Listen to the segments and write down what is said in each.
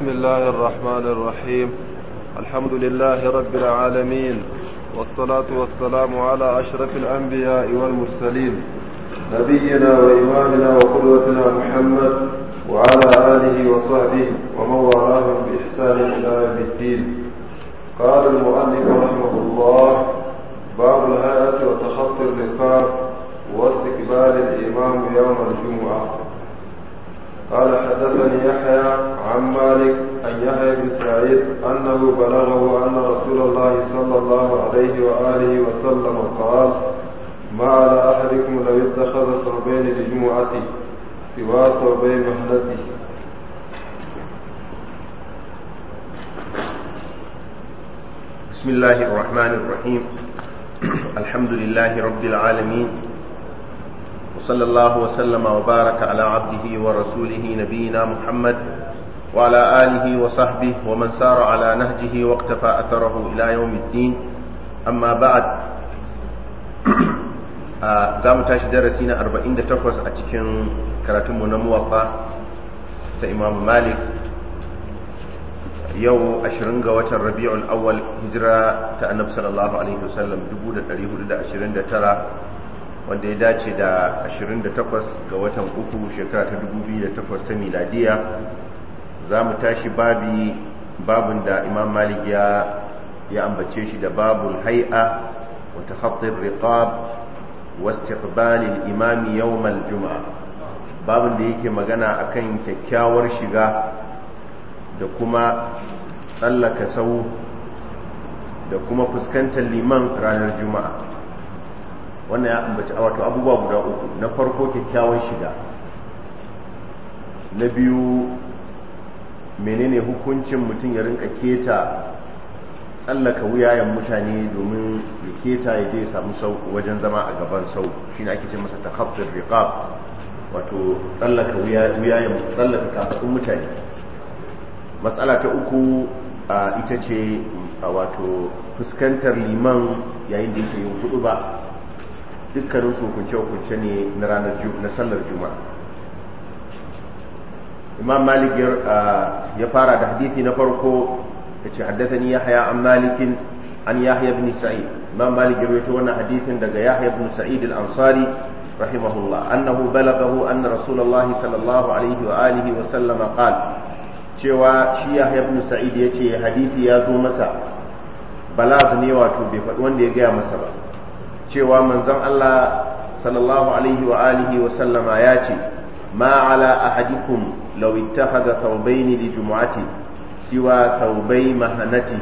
بسم الله الرحمن الرحيم الحمد لله رب العالمين والصلاة والسلام على أشرف الأنبياء والمرسلين نبينا وإمامنا وقدوتنا محمد وعلى آله وصحبه ومن والاهم بإحسان إلى يوم الدين قال المؤلف رحمه الله باب الهيئة وتخطي الرقاب واستقبال الإمام يوم الجمعة قال حدثني يحيى عن مالك أن يحيى بن سعيد أنه بلغه أن رسول الله صلى الله عليه وآله وسلم قال ما على أحدكم لو اتخذ ثوبين لجمعته سوى ثوبي مهلته بسم الله الرحمن الرحيم الحمد لله رب العالمين وصلى الله وسلم وبارك على عبده ورسوله نبينا محمد وعلى آله وصحبه ومن سار على نهجه واقتفى أثره إلى يوم الدين أما بعد za mu tashi darasi na 48 a cikin karatunmu na muwafa ta imam malik yau 20 ga watan rabi'ul awwal hijira ta annabi sallallahu alaihi wasallam wanda ya dace da 28 ga watan uku shekara ta 2008 ta miladiya za mu tashi babi babin da imam malik ya ya ambace shi da babul hai'a wa tahattir riqab wa istiqbal al-imam yawm al juma'a babin da yake magana akan kyakkyawar shiga da kuma tsallaka sau da kuma fuskantar liman ranar juma'a wannan ya ambaci wato abubuwa guda uku na farko kyakkyawar shiga na biyu menene hukuncin mutum ya rinka keta tsallaka wuyayen mutane domin ya keta ya je samu sau wajen zama a gaban sau shi ake ce masa ta takhabbir riƙa wato tsallaka wuyayen tsallaka kafin mutane matsala ta uku ita ce a wato fuskantar liman yayin da yake yin hudu ba dukkanin su hukunce hukunce ne na ranar na sallar juma'a imam malik ah, ya fara da hadisi na farko yace haddathani yahya an malikin an yahya ibn sa'id ya rawaito wannan hadisin daga yahya ibn sa'id al-ansari rahimahullah annahu balagahu anna rasulullah sallallahu alaihi wa wa sallama cewa shi yahya ibn sa'id yace hadithi ya zo masa balag ne wato bai faɗi wanda ya gaya masa ba cewa manzon Allah sallallahu alaihi wa alihi wa sallama ya ce ma ala ahadikum لو اتخذ ثوبين لجمعته سوى ثوبي مهنته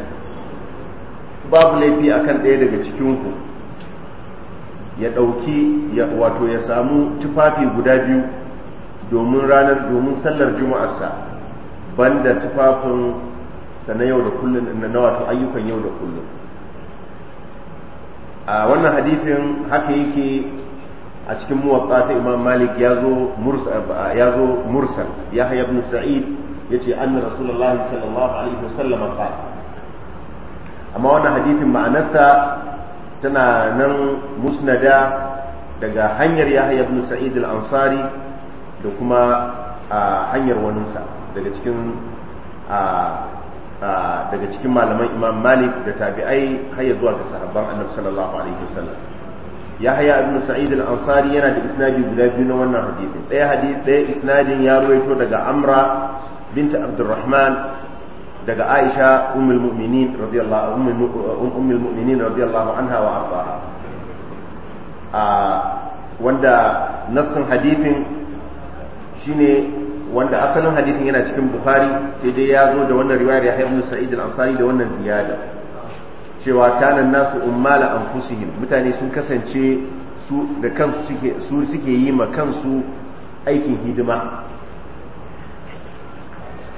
babu laifi a kan ɗaya daga cikinku ya ɗauki wato ya samu tufafi guda biyu domin ranar sallar juma'arsa banda tufafin sa yau da kullum na wato ayyukan yau da kullum a wannan hadifin haka yake a cikin muwatta ta imam malik ya zo mursal ya haya ibn sa'id ya ce anna rasulullah sallallahu alaihi wasallam qala amma wannan hadithin ma'anarsa tana nan musnada daga hanyar haya ibn sa'id al-ansari da kuma hanyar waninsa daga cikin daga cikin malaman imam malik da tabi'ai har ya zuwa ga sahabban annabi sallallahu alaihi wasallam yahya ibn sa'id al yana da isnadi guda biyu na wannan hadisin ɗaya hadisi ɗaya isnadin ya ruwaito daga amra Binta abdurrahman daga aisha ummul mu'minin radiyallahu ummul mu'minin radiyallahu anha wa ardaha wanda nassun hadithin shine wanda asalin hadithin yana cikin bukhari sai dai ya zo da wannan riwayar ya ibn sa'id al da wannan ziyada cewa kanan nasu ummala anfusihim mutane sun kasance su da kansu suke su suke yi ma kansu aikin hidima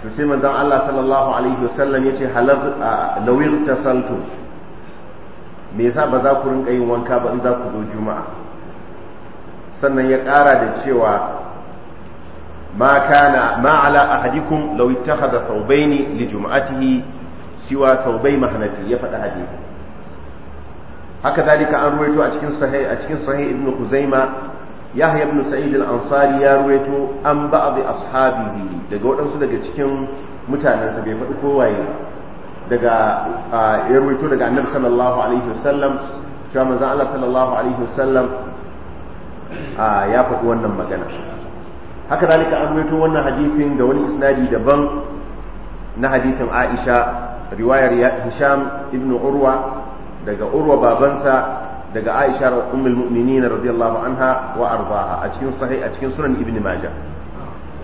to sai manzon Allah sallallahu alaihi wasallam yace halaz lawir tasaltu me yasa ba za ku rinka yin wanka ba in za ku zo juma'a sannan ya ƙara da cewa ma kana ma ala ahadikum law ittakhadha thawbayni li jum'atihi siwa taubai mahanafi ya faɗi hadisi haka zalika an ruwaito a cikin sahih a cikin sahih ibn khuzaima yahya ibn sa'id al-ansari ya ruwaito an ba'd ashabihi daga waɗansu daga cikin mutanensa bai faɗi kowaye daga ya ruwaito daga annabi sallallahu alaihi wasallam cewa manzo Allah sallallahu alaihi wasallam ya faɗi wannan magana haka zalika an ruwaito wannan hadisin da wani isnadi daban na hadisin Aisha riwayar hisham ibn urwa daga urwa babansa daga aisha ummul mu'minin radiyallahu anha wa ardaha a cikin sahih a cikin sunan ibn majah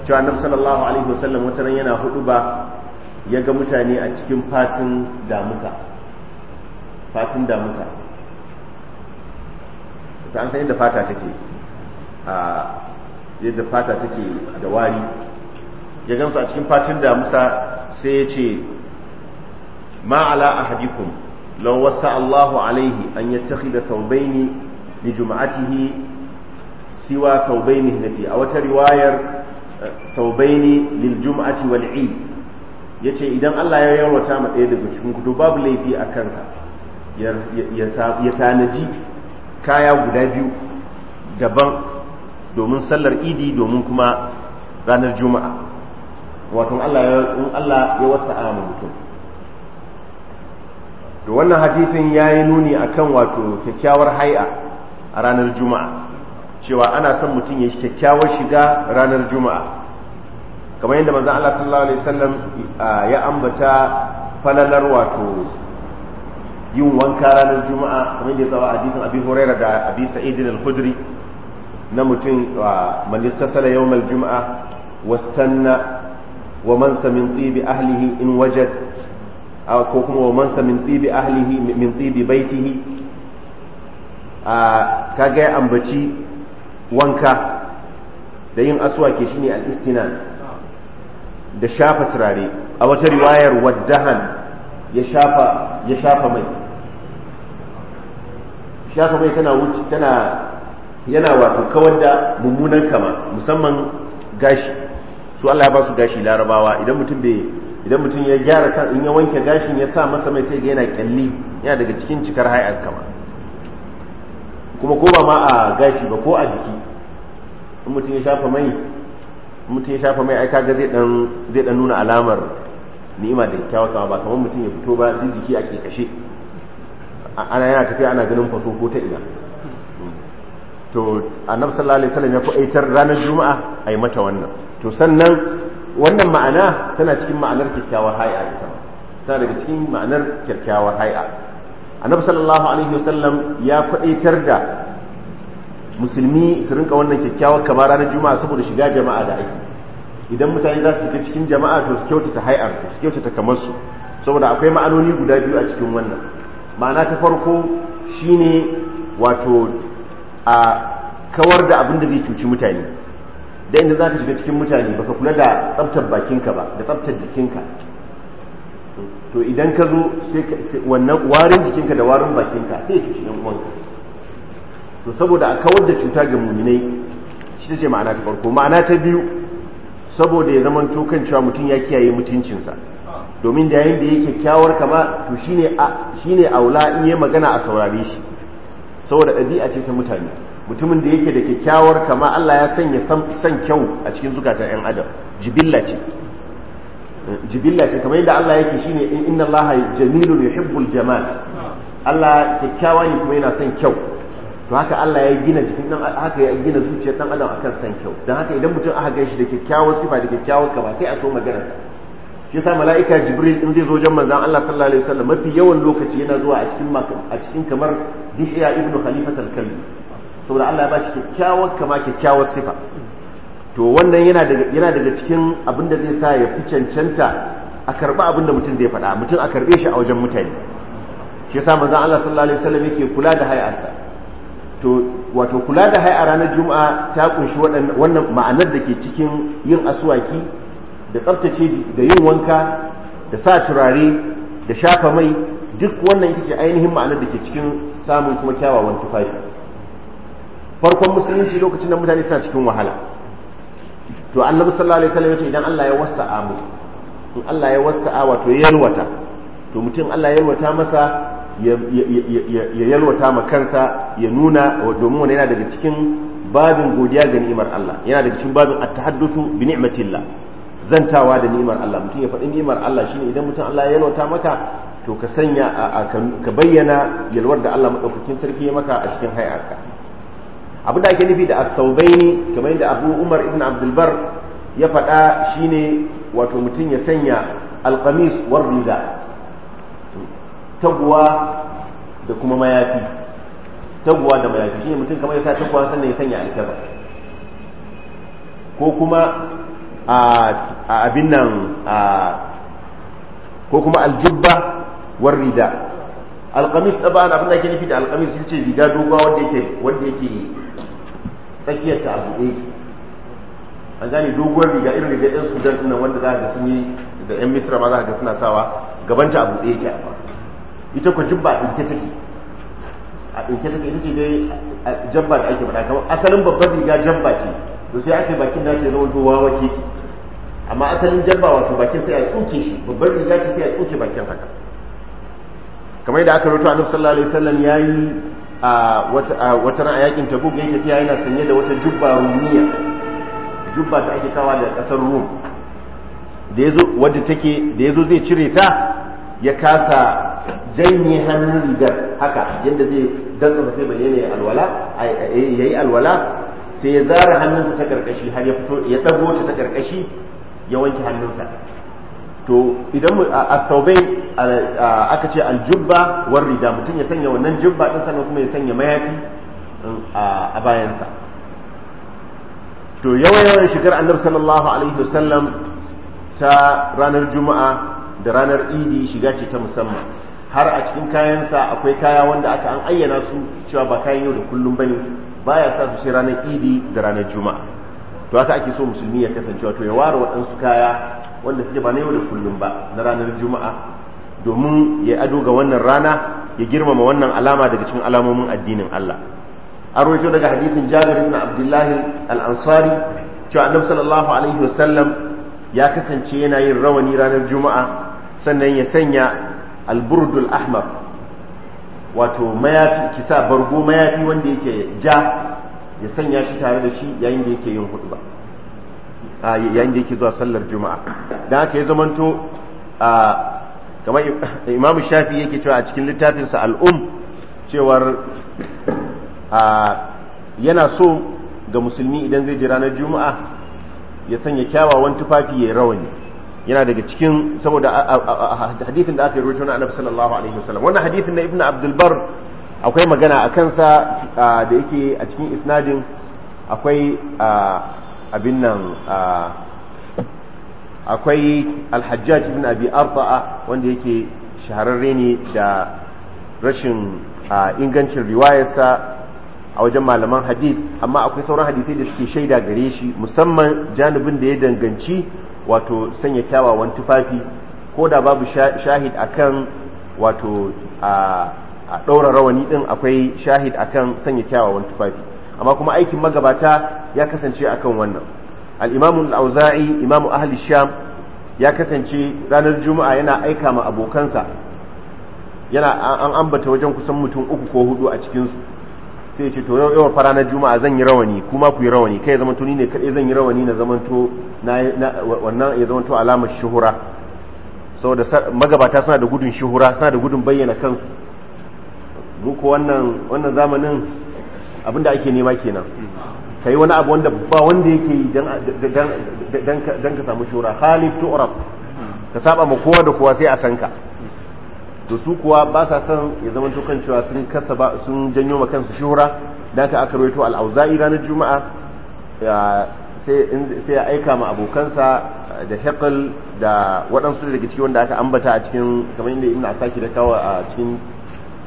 cewa annabi sallallahu alaihi wasallam wata ran yana hudu ba ya ga mutane a cikin fatin damusa fatin damusa ta an san yadda fata take a yadda fata take da wari ya gamsu a cikin fatin damusa sai ya ce ma'ala ala ahadikum law wasa Allahu alaihi an yattakhidha thawbaini li jum'atihi siwa thawbaini nafi a wata riwayar thawbaini lil jum'ati wal eid yace idan Allah ya yarwata ma ɗaya daga cikin kudu babu laifi a kansa ya tanaji kaya guda biyu daban domin sallar idi domin kuma ranar juma'a wato Allah ya wasa a mutum to wannan hadithin ya yi nuni a kan wato kyakkyawar hai'a a ranar juma'a cewa ana son mutum ya yi kyakkyawar shiga ranar juma'a kamar yadda manzan Allah sallallahu alaihi wasallam ya ambata falalar wato yin wanka ranar juma'a kamar yadda ya zawa hadithin abi huraira da abi sa'idin al na mutum man yattasala yawmal juma'a wastanna wa man min tsibi ahlihi in wajad ko kuma wa mansa min tibi ahlihi min tibi baitihi a kaga ya ambaci wanka da yin ke shine al istina da shafa turare a wata riwayar waddahan ya shafa ya shafa mai shafa mai tana wuce tana yana wato kawar da mummunan kama musamman gashi su Allah ya ba su gashi larabawa idan mutum bai idan mutum ya gyara kan in ya wanke gashin ya sa masa mai sai ga yana kyalli yana daga cikin cikar hayar kama kuma ko ba ma a gashi ba ko a jiki in mutum ya shafa mai mutum ya shafa mai aika kaga zai dan nuna alamar ni'ima da kyawa kama ba kamar mutum ya fito ba zai jiki a kashe ana yana tafiya ana ganin faso ko ta ina to annabi sallallahu alaihi wasallam ya ku aitar ranar juma'a ai mata wannan to sannan wannan ma'ana tana cikin ma'anar kyakkyawar hai'a ita tana daga cikin ma'anar kyakkyawar hai'a annabi sallallahu alaihi wasallam ya kwadaitar da musulmi su rinka wannan kyakkyawar kamara na juma'a saboda shiga jama'a da aiki idan mutane za su shiga cikin jama'a to su kyautata hai'ar su kyautata kamar su saboda akwai ma'anoni guda biyu a cikin wannan ma'ana ta farko shine wato a kawar da abin da zai cuci mutane da inda za ka shiga cikin mutane baka kula da tsaftar bakinka ba da tsaftar jikinka to idan ka zo wannan warin jikinka da warin bakinka sai ka shiga uwanka to saboda a kawar da cuta ga muminai shi ce ma'ana ta farko ma'ana ta biyu saboda ya zama kan cewa mutum ya kiyaye mutuncinsa domin da yayin da yake kyakkyawar kama to shine a shine aula in yi magana a saurare shi saboda ɗabi'a ce ta mutane mutumin da yake da kyakkyawar kama Allah ya sanya san kyau a cikin zukatan yan adam jibilla ce jibilla ce kamar yadda Allah yake shine inna Allah jamilun yuhibbul jamal Allah kyakkyawa ne kuma yana san kyau to haka Allah ya gina jikin dan haka ya gina zuciyar dan adam akan san kyau dan haka idan mutum aka gaishe da kyakkyawar sifa da kyakkyawar kama sai a so magana shi yasa mala'ika jibril in zai zo jan manzon Allah sallallahu alaihi wasallam mafi yawan lokaci yana zuwa a cikin a cikin kamar dihiya ibnu khalifatul al-kalbi saboda Allah ya bashi kyakkyawar kama kyakkyawar sifa to wannan yana daga yana daga cikin abin da zai sa ya fi cancanta a karba abin da mutum zai faɗa mutum a karbe shi a wajen mutane shi yasa manzon Allah sallallahu alaihi wasallam yake kula da hay'arsa to wato kula da hay'a ranar juma'a ta kunshi wannan ma'anar da ke cikin yin aswaki da tsaftace da yin wanka da sa turare da shafa mai duk wannan ita ce ainihin ma'anar da ke cikin samun kuma kyawawan tufafi farkon musulunci lokacin da mutane suna cikin wahala to annabi sallallahu alaihi wasallam yace idan Allah ya wasa'a mu in Allah ya wasa'a wato ya yalwata to mutum Allah ya yalwata masa ya yalwata ma kansa ya nuna domin wani yana daga cikin babin godiya ga ni'imar Allah yana daga cikin babin at-tahaddusu bi ni'matillah zantawa da ni'imar Allah mutum ya faɗi ni'imar Allah shine idan mutum Allah ya yalwata maka to ka sanya ka bayyana yalwar da Allah madaukakin sarki ya maka a cikin hayarka abin da ake nufi da asaubaini kamar yadda abu umar ibn abdulbar ya faɗa shine wato mutum ya sanya alkamis war riga taguwa da kuma mayafi taguwa da mayafi shine mutum kamar ya sa taguwa sannan ya sanya alkaba ko kuma a abin nan ko kuma aljubba war rida alkamis da ba abin da ake nufi da alkamis shi ce riga doguwa wanda yake wanda yake tsakiyar ta abu ɗaya an gane doguwar riga irin riga ɗan sudan ɗin wanda za ga sun yi da ɗan misra ma za ga suna sawa gaban ta abu ɗaya ke amma ita ko jibba a ɗinke take a ɗinke take ita ce dai jabba da ake faɗa kamar asalin babbar riga jabba ce to sai ake bakin da ce zama wawa ke amma asalin jabba wato bakin sai a tsoke shi babbar riga ce sai a tsoke bakin haka kamar yadda aka rubuta annabi sallallahu alaihi wasallam yayi a wata ran a yakin tabuk yayi tafiya yana sanye da wata jubba rumiya jubba da ake kawa da kasar rum da yazo wadda take da yazo zai cire ta ya kasa janye hannun rigar haka yadda zai dantsa sai bayyana ya alwala yayi alwala sai ya zara hannunsa ta karkashi har ya fito ya dago ta ta karkashi ya wanke hannunsa to idan astaubai aka ce aljubba war rida mutum ya sanya wannan jubba din sannan kuma ya sanya mayafi um, a bayansa to yawan yawan shigar annabi sallallahu alaihi wasallam ta ranar juma'a da ranar idi shiga ce ta musamman har a cikin kayansa akwai kaya wanda aka an ayyana su cewa ba kayan yau da kullum ba bane baya sa su sai ranar idi da ranar juma'a to haka ake so musulmi ya kasance to ya ware waɗansu kaya wanda suke ba na yau da kullum ba na ranar juma'a domin ya ado ga wannan rana ya girmama wannan alama daga cikin alamomin addinin Allah an rawaito daga hadisin Jabir ibn Abdullah al-Ansari cewa Annabi sallallahu alaihi wasallam ya kasance yana yin rawani ranar juma'a sannan ya sanya al-burdul ahmar wato mayafi kisa bargo mayafi wanda yake ja ya sanya shi tare da shi yayin da yake yin hudu yayin da yake zuwa sallar juma'a dan haka ya zamanto kamar imamu shafi yake cewa a cikin littafinsa al'um cewar yana so ga musulmi idan zai ji ranar juma'a ya sanya kyawawan tufafi ya rawani yana daga cikin saboda hadithin da aka yi rojo na annabi sallallahu alaihi wasallam wannan hadithin na ibnu abdul bar akwai magana a kansa da yake a cikin isnadin akwai abin nan akwai alhajjaj ibn abi arba'a wanda yake shahararre ne da rashin ingancin riwayarsa a wajen malaman hadith amma akwai sauran hadisai da suke shaida gare shi musamman janibin da ya danganci wato sanya kyawawan tufafi ko da babu shahid akan wato a ɗaura rawani ɗin akwai shahid akan sanya kyawawan tufafi amma kuma aikin magabata ya kasance akan wannan al al-auza'i imamu ahli sham ya kasance ranar juma'a yana aika ma abokansa yana an ambata wajen kusan mutum uku ko hudu a cikin su sai ce to yau fara na juma'a zan yi rawani kuma ku yi rawani kai zamanto ni ne kadai zan yi rawani na zamanto wannan ya zamanto alamar shuhura saboda magabata suna da gudun shuhura suna da gudun bayyana kansu mu ko wannan wannan zamanin abinda ake nema kenan ka yi wani abu wanda ba wanda yake yi don ka samu shura khalif tu'rab ka saba ma kowa da kowa sai a san ka to su kuwa ba sa san ya zama tukan cewa sun kasa ba sun janyo ma kansu shura dan ka aka rawaito al-auza'i ranar juma'a sai ya aika ma abokansa da hekul da waɗansu daga cikin wanda aka ambata a cikin kamar inda ina asaki da kawo a cikin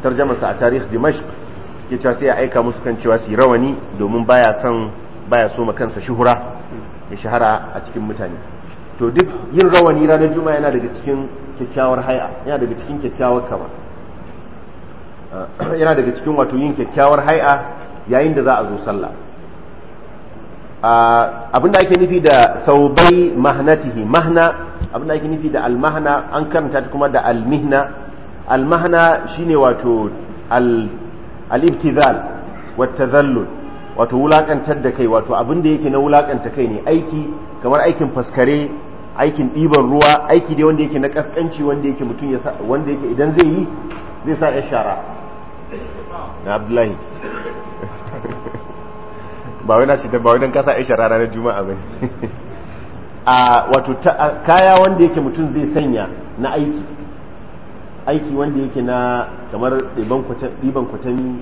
tarjamarsa a tarihi dimashq ya cewa sai ya aika musu kan cewa su rawani domin baya son baya so ma kansa shuhura ya shahara a cikin mutane to duk yin rawani ranar juma'a yana daga cikin kyakkyawar haya yana daga cikin kyakkyawar kama ah, yana daga cikin wato yin kyakkyawar haya yayin da za a zo sallah ah, abin da ake nufi da saubai mahnatihi mahna abin da ake nufi da almahna an karanta kuma da almihna almahna shine wato al al-ibtidal wa tadhallul wato wulakantar da kai wato abin da yake na wulakanta kai ne aiki kamar aikin faskare aikin ɗiban ruwa aiki dai wanda yake na kaskanci wanda yake mutum ya wanda yake idan zai yi zai sa ya shara na abdullahi ba wai na shi ba wai dan kasa ya shara ranar juma'a bane a wato kaya wanda yake mutum zai sanya na aiki aiki wanda yake na kamar ɗiban kwatami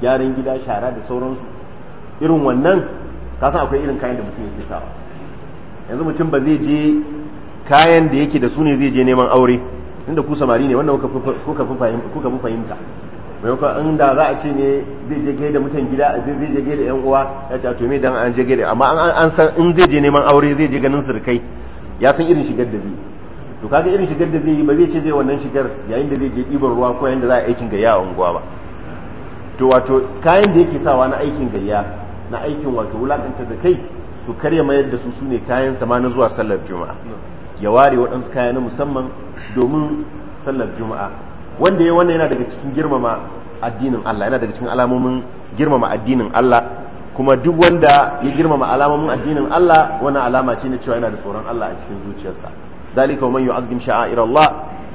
gyaran gida shara da sauransu irin wannan kasan akwai irin kayan da mutum yake sawa yanzu mutum ba zai je kayan da yake da su ne zai je neman aure inda ku samari ne wannan kuka fi fahimta maimakon inda za a ce ne zai je gaida mutan gida zai je gaida yan uwa ya ce a to me dan an je gaida amma an san in zai je neman aure zai je ganin surkai ya san irin shigar da zai to kaga irin shigar da zai yi ba zai ce zai wannan shigar yayin da zai je ɗiban ruwa ko yayin da za a aikin gayya a unguwa ba to wato kayan da yake sawa na aikin gayya na aikin wato wulakanta da kai to karya mayar da su sune ne kayan sama na zuwa sallar juma'a ya ware waɗansu kaya na musamman domin sallar juma'a wanda ya wannan yana daga cikin girmama addinin Allah yana daga cikin alamomin girmama addinin Allah kuma duk wanda ya girmama alamomin addinin Allah wani alama ce na cewa yana da tsoron Allah a cikin zuciyarsa zalika man yu'azzim sha'air Allah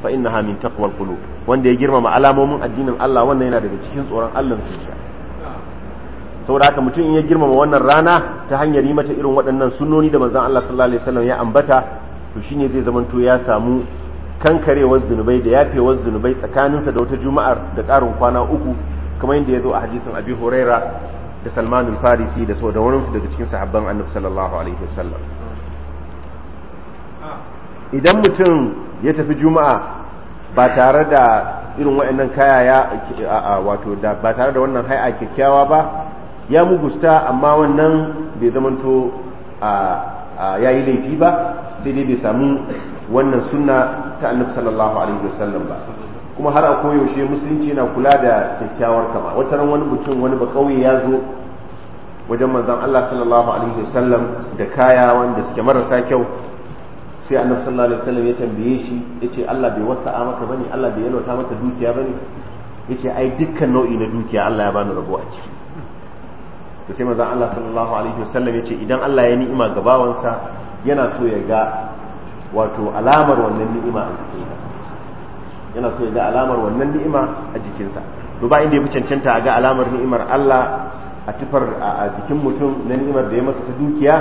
fa innaha min taqwal qulub wanda ya girmama alamomin addinin Allah wannan yana daga cikin tsoron Allah zuciya saboda haka mutum in ya girmama wannan rana ta hanyar yi mata irin waɗannan sunnoni da manzon Allah sallallahu alaihi wasallam ya ambata to shine zai zamanto ya samu kankarewar zunubai da yafewar zunubai tsakaninsa da wata juma'ar da ƙarin kwana uku kamar yadda ya zo a hadisin abi huraira da salmanul farisi da sau da wurinsu daga cikin sahabban annabi sallallahu alaihi wasallam idan mutum ya tafi juma'a ba tare da irin kaya ya wato ba tare da wannan hai'a kyakkyawa ba ya gusta amma wannan bai zamanto ya yi laifi ba sai dai bai samu wannan sunna ta annabi sallallahu alaihi wasallam ba kuma har a koyaushe musulunci na kula da kyakkyawar kama wata ran wani mutum wani ba kauye ya zo wajen manzon Allah sallallahu alaihi wasallam da kaya wanda suke marasa kyau sai annabi sallallahu alaihi wasallam ya tambaye shi yace Allah bai wasa'a maka bane Allah bai yalwata maka dukiya bane yace ai dukkan nau'i na dukiya Allah ya bani rabo a ciki to sai manzon Allah sallallahu alaihi wasallam yace idan Allah ya ni'ima ga bawansa yana so ya ga wato alamar wannan ni'ima a jikinsa yana so ya ga alamar wannan ni'ima a jikinsa duba inda ya fi cancanta a ga alamar ni'imar Allah a tufar a jikin mutum na ni'imar da ya masa ta dukiya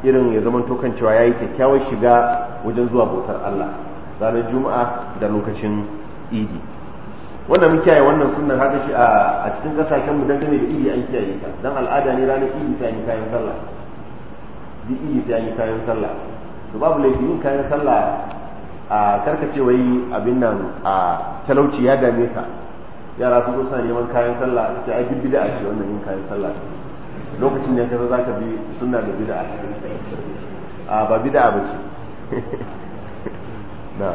irin ya zama tokan cewa ya yi kyakkyawar shiga wajen zuwa bautar Allah ranar juma'a da lokacin idi wannan mun kiyaye wannan sunan haka shi a cikin kasashen mu dangane da idi an kiyaye ta dan al'ada ne ranar idi sai an kayan sallah duk idi sai an kayan sallah to babu laifi yin kayan sallah a karkace wai abin nan a talauci ya dame ka yara sun zo suna neman kayan sallah sai ai bidda a shi wannan yin kayan sallah lokacin da kaza zaka bi sunna da bid'a a ba bid'a bace na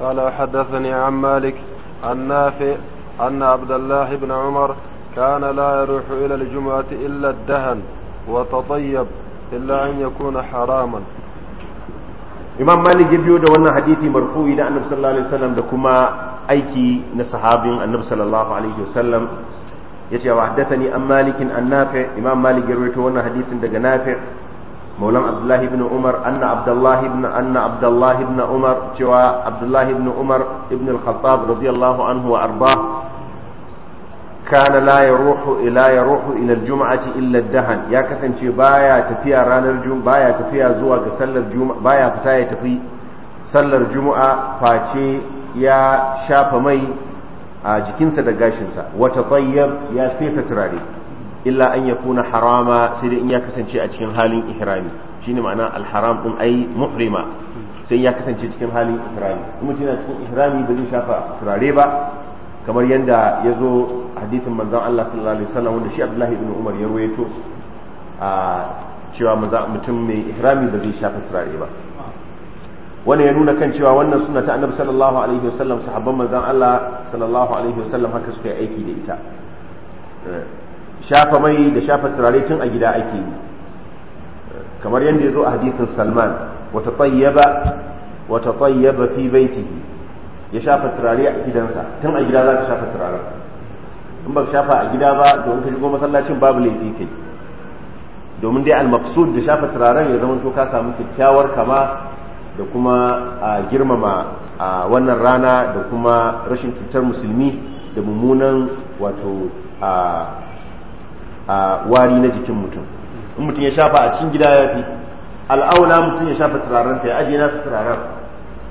قال حدثني عن مالك عن نافع أن عبد الله بن عمر كان لا يروح إلى الجمعة إلا الدهن وتطيب إلا أن يكون حراما imam malik ya biyo da wannan hadisi marfu'i da annabi sallallahu alaihi wasallam da kuma aiki na sahabin annabi sallallahu alaihi wasallam yace wa haddathani an malikin an nafi imam malik ya rawaito wannan hadisin daga nafi maulan abdullahi ibn umar anna abdullahi ibn umar cewa abdullahi ibn umar ibn al-khattab radiyallahu anhu wa arda kana la yaruhu ila yaruhu ila al illa dahan ya kasance baya tafiya ranar jum baya tafiya zuwa ga sallar juma'a baya fita ya tafi sallar juma'a face ya shafa mai a jikinsa da gashinsa wata tsayyar ya fesa turare illa an ya kuna harama sai dai in ya kasance a cikin halin ihrami shine ma'ana alharam din ai muhrima sai ya kasance cikin halin ihrami kuma yana cikin ihrami ba zai shafa turare ba kamar yadda ya zo hadithin manzan Allah sallallahu alaihi wasallam wanda shi Abdullahi ibn Umar ya rawaito a cewa mutum mai ihrami ba zai shafa turare ba wannan ya nuna kan cewa wannan sunna ta annabi sallallahu alaihi wasallam sahabban manzon Allah sallallahu alaihi wasallam haka suka yi aiki da ita shafa mai da shafa turare tun a gida ake yi kamar yadda ya zo a hadisin Salman wata tayyaba wata tayyaba fi baitihi ya shafa turare a gidansa tun a gida za ka shafa turaren in ba ka shafa a gida ba domin ka shigo masallacin babu laifi kai domin dai al-maqsud da shafa turaren ya zama to ka samu kyakkyawar kama da kuma a girmama a wannan rana da kuma rashin cutar musulmi da mummunan wato a wari na jikin mutum in mutum ya shafa a cikin gida ya fi al'aula mutum ya shafa turarensa ya ajiye nasa turaren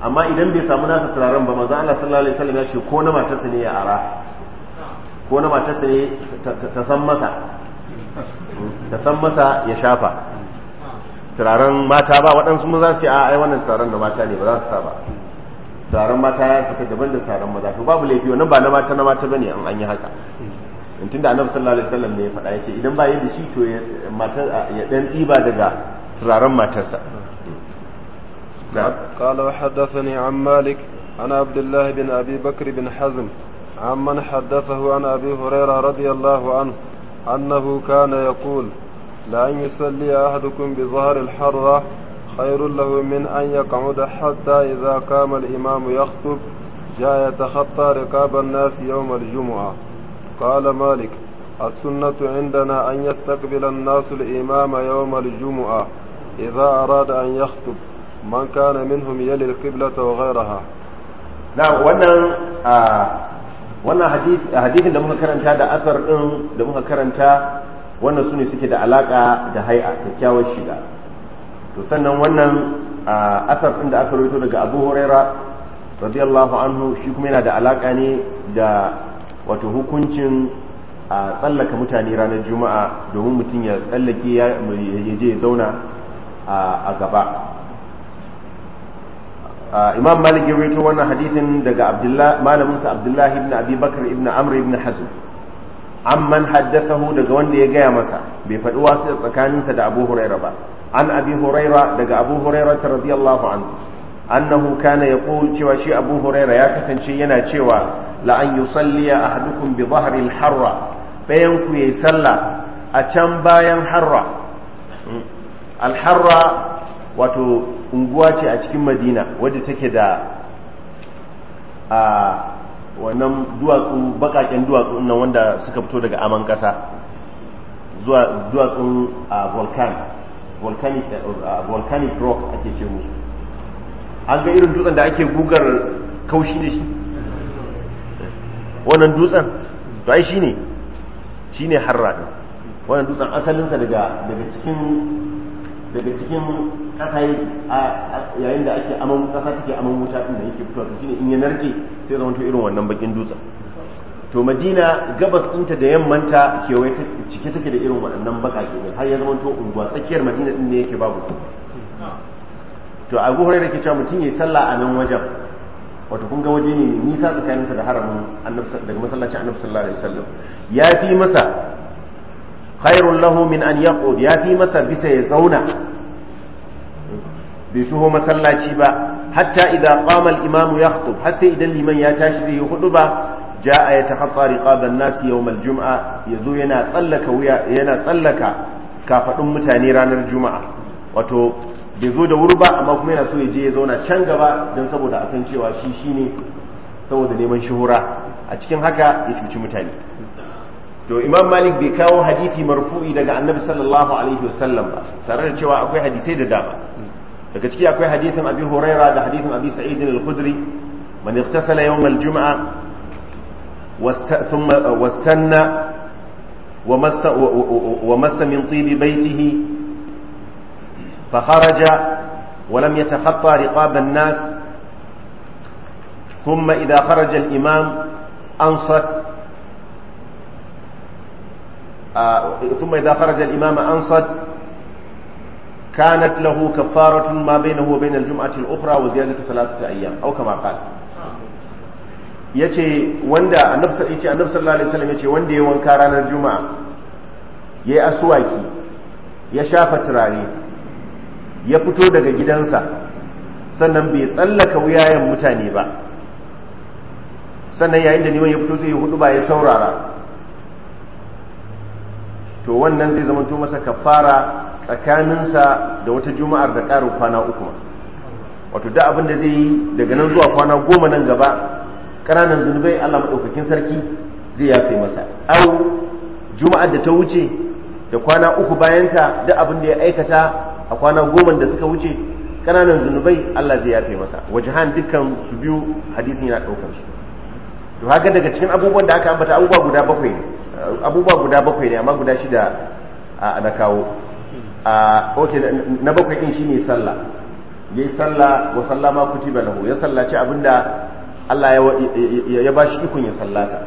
amma idan bai samu nasa turaren ba maza Allah sallallahu alaihi wasallam ya ce ko na matarsa ne ya ara ko na matarsa ne ta san ta san masa ya shafa turaren mata ba waɗansu mu za su ce a ai wannan turaren da mata ne ba za su sa ba turaren mata ya fita daban da turaren maza to babu laifi wannan ba na mata na mata bane an yi haka in tunda annabi sallallahu alaihi wasallam ne ya faɗa yace idan ba yadda shi to mata ya dan diba daga turaren matarsa قال وحدثني عن مالك عن عبد الله بن ابي بكر بن حزم عمن حدثه عن ابي هريره رضي الله عنه انه كان يقول لأن يصلي أحدكم بظهر الحرة خير له من أن يقعد حتى إذا قام الإمام يخطب جاء يتخطى رقاب الناس يوم الجمعة قال مالك السنة عندنا أن يستقبل الناس الإمام يوم الجمعة إذا أراد أن يخطب من كان منهم يلي القبلة وغيرها نعم وانا آه وانا حديث حديث da muka karanta da asar din da muka karanta wannan su ne suke da alaka da hai'a kyakkyawar shiga to sannan wannan asar ɗin da aka rawaito daga abu huraira radiyallahu anhu shi kuma yana da alaka ne da wato hukuncin a tsallaka mutane ranar juma'a domin mutum ya tsallake ya je zauna a gaba imam malik ya wannan hadithin daga malaminsa abdullahi ibn abi bakar ibn amr ibn hazm amman haddathahu daga wanda ya gaya masa bai faɗi wasu tsakaninsa da Abu Huraira ba an Abi Huraira daga Abu Huraira radiyallahu anhu annahu kana yaqul cewa shi Abu Huraira ya kasance yana cewa la an yusalli ahadukum bi dhahri harra bayan ku yi sallah a can bayan harra hmm. al wato unguwa ce a cikin Madina wadda take da wannan duwatsu bakaken duwatsu nan wanda suka fito daga aman kasa zuwa duwatsun volcan volcanic eh, volcanic rocks ake ce musu an ga irin dutsen da ake gugar kaushi da shi wannan dutsen to ai shine shine harra wannan dutsen asalinsa daga daga cikin daga cikin ƙasa yayin da ake aman ƙasa take aman wuta din da yake fitowa to shine in ya narke sai zama to irin wannan bakin dutsen to madina gabas ɗinta da yammanta kewaye cike take da irin waɗannan baƙaƙe ne har ya zama to unguwa tsakiyar madina din ne yake babu to a abu da ke cewa mutum yayi sallah a nan wajen wato kun ga waje ne nisa tsakaninsa da haramin daga masallacin annabi sallallahu alaihi wasallam ya fi masa khairun lahu min an yaqud ya fi masa bisa ya zauna bai taho masallaci ba hatta idan qama al-imamu yakhutub har sai idan liman ya tashi zai yi huɗu ba ja ya tahatta riqaban nasi yawmal jum'a yazo yana tsallaka yana tsallaka kafaɗun mutane ranar juma'a wato bai zo da wuri ba amma kuma yana so ya je ya zauna can gaba don saboda a san cewa shi shine saboda neman shuhura a cikin haka ya cuci mutane to imam malik bai kawo hadisi marfu'i daga annabi sallallahu alaihi wasallam ba tare da cewa akwai hadisai da dama daga ciki akwai hadisin abi huraira da hadisin abi sa'id al-khudri man ightasala yawm al-jum'a ثم واستنى ومس ومس من طيب بيته فخرج ولم يتخطى رقاب الناس ثم إذا خرج الإمام أنصت ثم إذا خرج الإمام أنصت كانت له كفارة ما بينه وبين الجمعة الأخرى وزيادة ثلاثة أيام أو كما قال yace wanda annabi yace annabi sallallahu alaihi wasallam yace wanda ya wanka ranar juma'a yayi aswaki ya shafa turare ya fito sannan bai tsallaka wuyayen mutane ba sannan yayin da neman ya fito sai ya hudu ba ya saurara to wannan zai zamanto masa kafara tsakaninsa da wata juma'ar da ƙarin kwana uku wato da abin da zai yi daga nan zuwa kwana goma nan gaba ƙananan zunubai Allah maɗaukakin sarki zai yafe masa au juma'ar da ta wuce da kwana uku bayanta da abin da ya aikata a kwana goma da suka wuce ƙananan zunubai Allah zai yafe masa wajahan dukkan su biyu hadisin yana ɗaukar su to haka daga cikin abubuwan da aka ambata abubuwa guda bakwai ne abubuwa guda bakwai ne amma guda shida na kawo na bakwai shi shine sallah ya yi sallah wa sallah ma ba lahu ya sallaci abinda Allah ya ba shi ikon ya sallata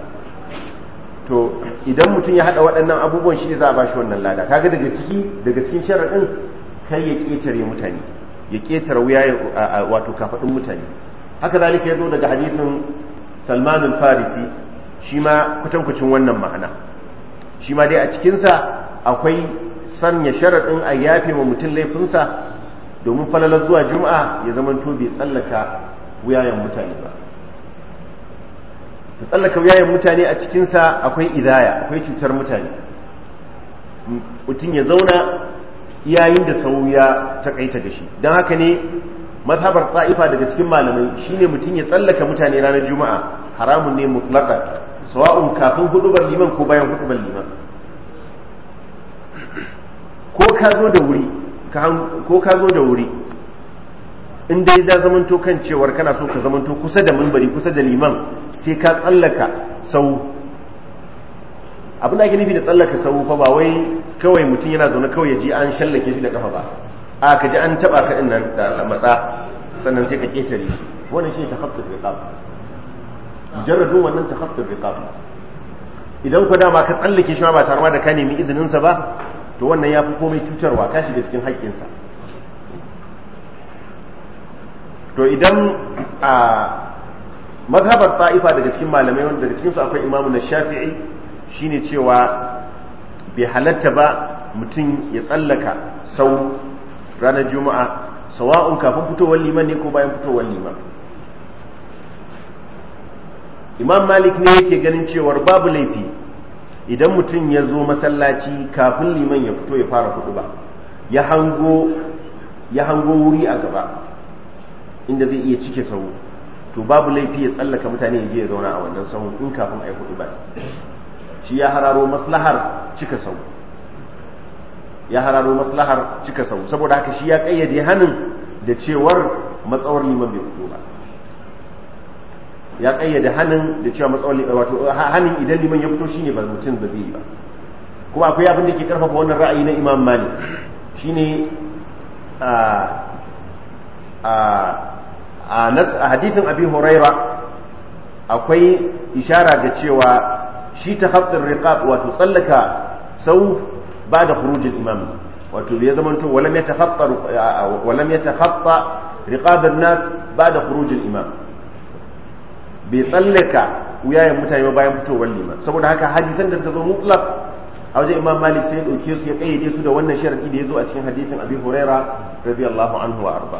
to idan mutum ya haɗa waɗannan abubuwan shi za a ba shi wannan lada kaga daga ciki daga cikin ɗin, kai ya ƙetare mutane ya ƙetare wuya wato kafaɗin mutane haka zalika ya zo daga hadithin salman farisi shi ma kutankucin wannan ma'ana shi ma dai a cikinsa akwai sanya sharaɗin a yafe ma mutum laifinsa domin falalar zuwa juma'a ya zama to bai tsallaka wuyayen mutane ba ta tsallaka wuyayen mutane a cikinsa akwai idaya akwai cutar mutane mutum ya zauna iyayin da sauya ta kaita da shi don haka ne mazhabar tsa'ifa daga cikin malamai shine mutum ya tsallaka mutane ranar juma'a haramun ne mutlaka sawa'un kafin hudubar liman ko bayan hudubar liman ko ka zo da wuri ko ka zo da wuri in dai za zamanto kan cewar kana so ka zamanto kusa da mimbari kusa da liman sai ka tsallaka sau abin da ake nufi da tsallaka sau fa ba wai kawai mutum yana zaune kawai ya ji an shallake shi da kafa ba a ka ji an taba ka nan da matsa sannan sai ka ketare shi wannan shi ta hakkar da mujarradun wannan ta bai riƙaf idan ku dama ka tsallake shi ma ba tarwa da ka nemi izininsa ba to wannan ya fi komai cutarwa ka shiga cikin haƙƙinsa to idan a mazhabar ta'ifa daga cikin malamai wanda daga cikinsu akwai imamu na shafi'i shine cewa bai halatta ba mutum ya tsallaka sau ranar juma'a sawa'un kafin fitowar liman ne ko bayan fitowar liman imam malik ne yake ganin cewar babu laifi idan mutum ya zo masallaci kafin liman ya fito ya fara hudu ba ya hango wuri a gaba inda zai iya cike sau to babu laifi ya tsallaka mutane ya je ya zauna a wannan sau in kafin a yi hudu ba shi ya hararo maslahar cika sau ya hararo maslahar cika sau saboda haka shi ya kayyade hanin da cewar matsawar liman bai fito ba ya kayyade hanin da cewa matsawali wato hanin idan liman ya fito shine ba mutum ba zai yi ba kuma akwai abin da ke karfafa wannan ra'ayi na imam malik shine a a nas a hadithin abi huraira akwai ishara ga cewa shi ta hafdar riqab wato tsallaka sau ba da khurujin imam wato ya to walam ya tahatta walam ya riqab nas ba da khurujin imam bai tsallaka wuyayen mutane ba bayan fitowar liman saboda haka hadisan da ta zo mutlak a wajen imam malik sai ya dauke su ya kayyade su da wannan sharadi da ya zo a cikin hadisin abi huraira radiyallahu anhu wa arba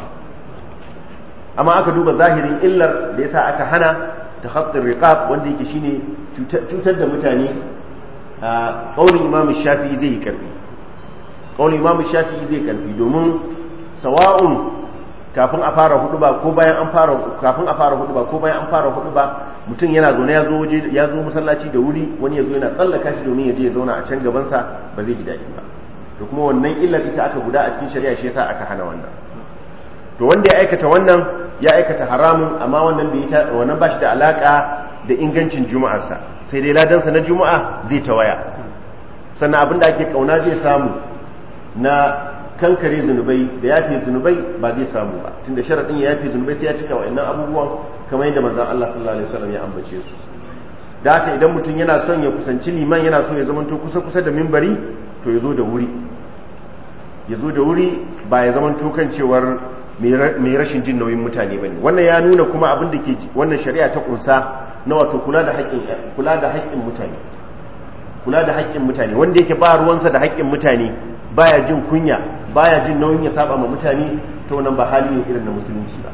amma aka duba zahirin illar da yasa aka hana ta takhattur riqab wanda yake shi ne cutar da mutane kaulin imam shafi'i zai kaulin shafi'i zai karfi domin sawa'un kafin a fara hudu ba ko bayan an fara kafin a fara hudu ba ko bayan an fara hudu ba mutum yana zaune ya zo waje ya zo masallaci da wuri wani ya zo yana tsallaka shi domin ya je ya zauna a can gaban sa ba zai ji daɗi ba to kuma wannan illar ita aka guda a cikin shari'a shi yasa aka hana wannan to wanda ya aikata wannan ya aikata haramun amma wannan bai wannan bashi da alaka da ingancin juma'ar sa sai dai ladan sa na juma'a zai ta waya sannan abin da ake kauna zai samu na kankare zunubai da yafe zunubai ba zai samu ba tunda sharaɗin ya yafe zunubai sai ya cika wa'annan abubuwan kamar yadda manzon Allah sallallahu alaihi wasallam ya ambace su da haka idan mutum yana son ya kusanci liman yana so ya zamanto kusa kusa da mimbari to ya zo da wuri ya zo da wuri ba ya zamanto kan cewar mai rashin jin nauyin mutane bane wannan ya nuna kuma abin da ke wannan shari'a ta kunsa na wato kula da haƙƙin kula mutane kula da haƙƙin mutane wanda yake ba ruwansa da haƙƙin mutane baya jin kunya baya jin nauyin ya saba ma mutane to nan ba hali ne irin na musulunci ba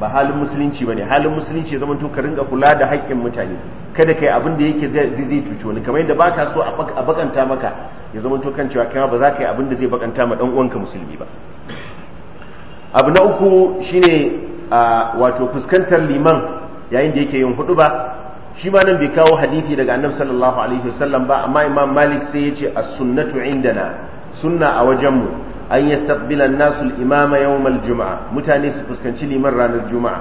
ba halin musulunci bane halin musulunci ya zamanto ka ringa kula da haƙƙin mutane kada kai abin da yake zai zai wani kamar yadda baka so a bakanta maka ya zamanto kan cewa kai ba za ka yi abin da zai bakanta ma dan uwanka musulmi ba abu na uku shine wato fuskantar liman yayin da yake yin hudu ba shi ma nan bai kawo hadisi daga annabi sallallahu alaihi wasallam ba amma imam malik sai ya ce as-sunnatu indana sunna a wajenmu an yi an-nasu al-imama yawm al-jum'a mutane su fuskanci liman ranar juma'a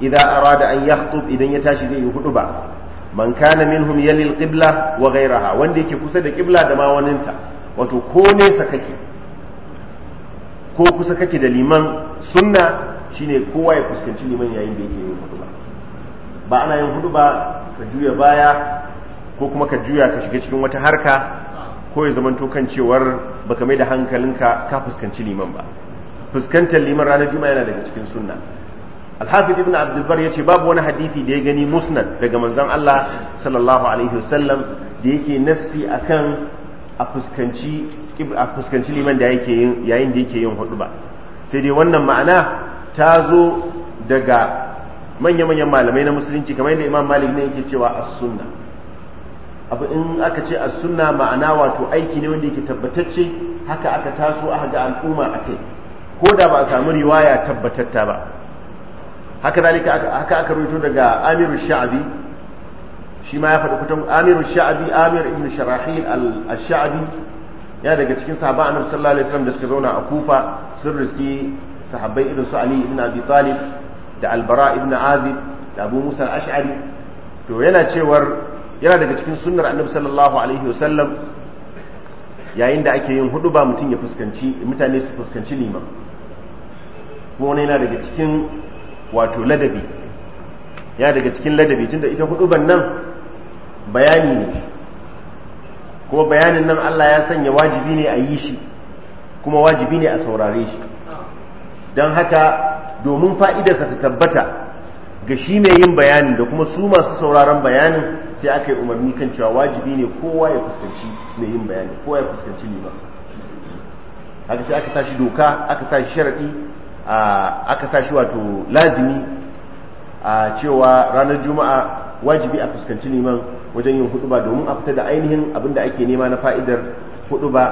idan arada an yakhutub idan ya tashi zai yi huduba man kana minhum yali al-qibla wa ghayraha wanda yake kusa da qibla da ma waninta wato ko nesa kake ko kusa kake da liman sunna shine kowa ya fuskanci liman yayin da yake yin huduba ba ana yin huduba ka juya baya ko kuma ka juya ka shiga cikin wata harka ko ya zamanto kan cewar baka mai da hankalinka ka fuskanci liman ba fuskantar liman ranar juma'a yana daga cikin sunna alhafiz ibn abdulbar ya ce babu wani hadisi da ya gani musnad daga manzon allah sallallahu alaihi wasallam da yake nassi akan a fuskanci a fuskanci liman da yake yin yayin da yake yin hudu ba sai dai wannan ma'ana ta zo daga manya-manyan malamai na musulunci kamar yadda imam malik ne yake cewa a sunna abu in aka ce as sunna ma'ana wato aiki ne wanda yake tabbatacce haka aka taso aka ga al'umma kai ko da ba a samu riwaya tabbatatta ba haka zalika haka aka rubuto daga Amiru Sha'bi shi ma ya faɗi kutan Amiru Sha'bi Amir ibn Sharahil al-Sha'bi ya daga cikin sahaba annabi sallallahu alaihi wasallam da suka zauna a Kufa sun riski sahabbai irin su Ali ibn Abi Talib da albara ibn Azib da Abu Musa al-Ash'ari to yana cewar yana daga cikin sunnar annabi sallallahu alaihi wa sallam yayin da ake yin hudu ba mutum ya fuskanci mutane su fuskanci liman ko wani yana daga cikin wato ladabi ya daga cikin ladabi tunda ita ban nan bayani ne kuma bayanin nan Allah ya sanya wajibi ne a yi shi kuma wajibi ne a saurare shi don haka domin fa'idarsa ta tabbata ga shi mai yin bayani da kuma su masu sauraron bayanin sai aka yi umarni kan cewa wajibi ne kowa ya fuskanci na yin bayani kowa ya fuskanci liman haka sai aka sashi doka aka sashi sharadi aka sashi wato lazimi a cewa ranar juma'a wajibi a fuskanci liman wajen yin ba domin a fita da ainihin abin da ake nema na fa'idar ba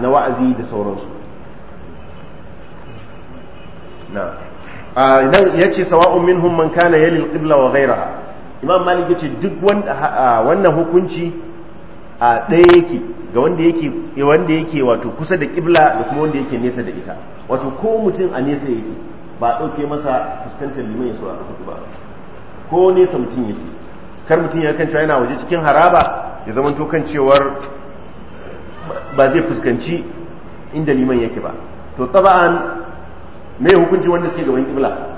na wa'azi da sauransu na ya ce sawa'un hun man kana yalil qibla wa ghairaha imam malik yace duk wannan hukunci a ɗaya yake ga wanda yake wanda yake wato kusa da kibla da kuma wanda yake nesa da ita wato ko mutum a nesa yake ba ɗauke masa fuskantar liman ya a hudu ba ko nesa mutum yake kar mutum ya kan cewa yana waje cikin haraba ya zama to kan cewar ba zai fuskanci inda liman yake ba to tsaba'an me hukunci wanda suke gaban kibla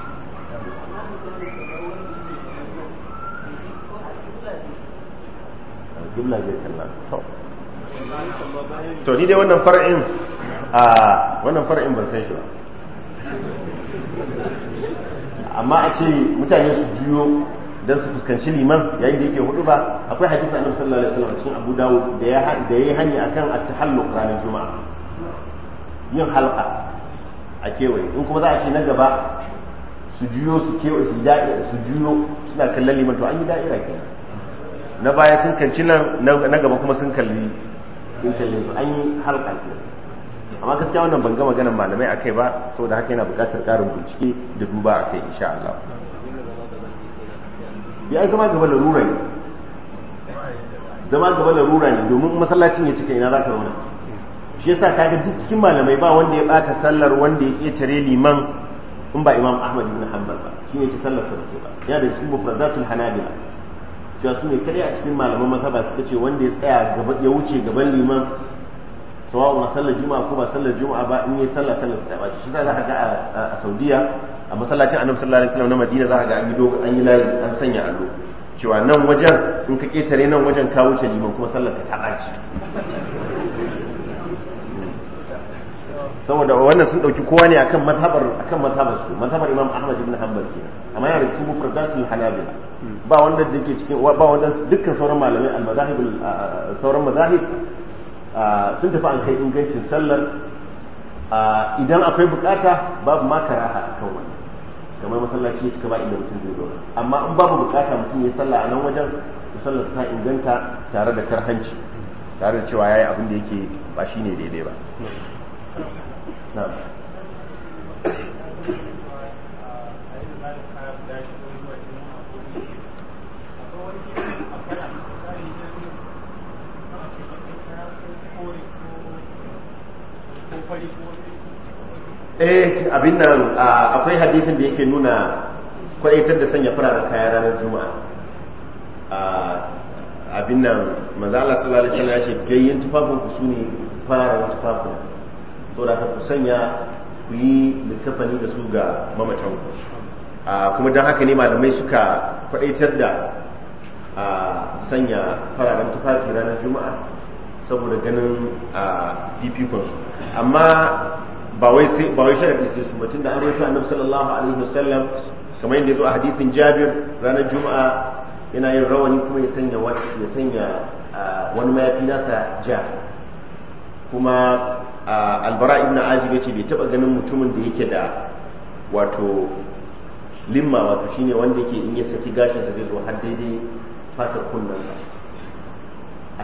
jumla zai kalla to ni dai wannan far'in a wannan far'in ban san shi ba amma a ce mutane su juyo dan su fuskanci liman yayin da yake hudu ba akwai hadisi annabi sallallahu alaihi wasallam cikin Abu Dawud da ya da yayi hanya akan at-tahalluq ranar juma'a yin halqa a kewaye in kuma za a ce na gaba su juyo su kewa su da'ira su juyo suna kallon liman to an yi da'ira ke. na baya sun kanci nan na gaba kuma sun kalli sun kalli su an yi halka ke amma gaskiya wannan ban ga maganar malamai akai ba saboda haka yana buƙatar ƙarin bincike da duba akai insha Allah ya zama gaba larura ne zama gaba larura ne domin masallacin ya cika ina za ka zauna shi yasa k'a ga cikin malamai ba wanda ya ɓata sallar wanda ya ƙetare liman in ba imam ahmad ibn hanbal ba ne shi sallar sa ba ya da cikin mufradatul hanabila cewa su ne kadai a cikin malaman mazhaba suka ce wanda ya tsaya gaba ya wuce gaban liman sawa'u na sallar juma'a ko ba sallar juma'a ba in yi sallar sallar sa ba shi za ka ga a saudiya a masallacin annabi sallallahu alaihi wasallam na madina za ka ga an yi dogo an yi layi an sanya allo cewa nan wajen in ka ketare nan wajen ka wuce liman kuma sallar ka ta ɓaci saboda wannan sun dauki kowa ne akan mazhabar akan mazhabar su mazhabar Imam Ahmad ibn Hanbal kenan amma yana cikin mufradatul hanabila ba wanda da cikin ba wanda dukkan sauran malamai al-mazahib uh, sauran mazahib uh, sun tafi an kai ingancin sallar uh, idan akwai bukata babu ma karaha akan wannan kamar masallaci cika ba inda mutum zai zauna amma in babu bukata mutum ya sallah a nan wajen sallar ta inganta tare da karhanci tare da cewa yayi abin da yake ba shine daidai ba na'am eh abin nan akwai hadisin da yake nuna kwaitar da sanya fararen kaya ranar juma'a abin nan manzo Allah sallallahu alaihi wasallam ya ce fara tufafin ku sune fararen tufafin to da ku sanya ku yi littafani da su ga mamatan ku kuma don haka ne malamai suka kwadaitar da sanya fararen tufafi ranar juma'a saboda ganin fifikonsu amma ba wai sai ba wai su mutum da an rawaito annabi sallallahu alaihi wasallam kamar yadda zo a hadisin Jabir ranar juma'a yana yin rawani kuma ya sanya wani mayafi nasa ja kuma albara ibn azib yace bai taba ganin mutumin da yake da wato limma wato shine wanda yake in ya saki gashin sa zai zo har daidai fatar sa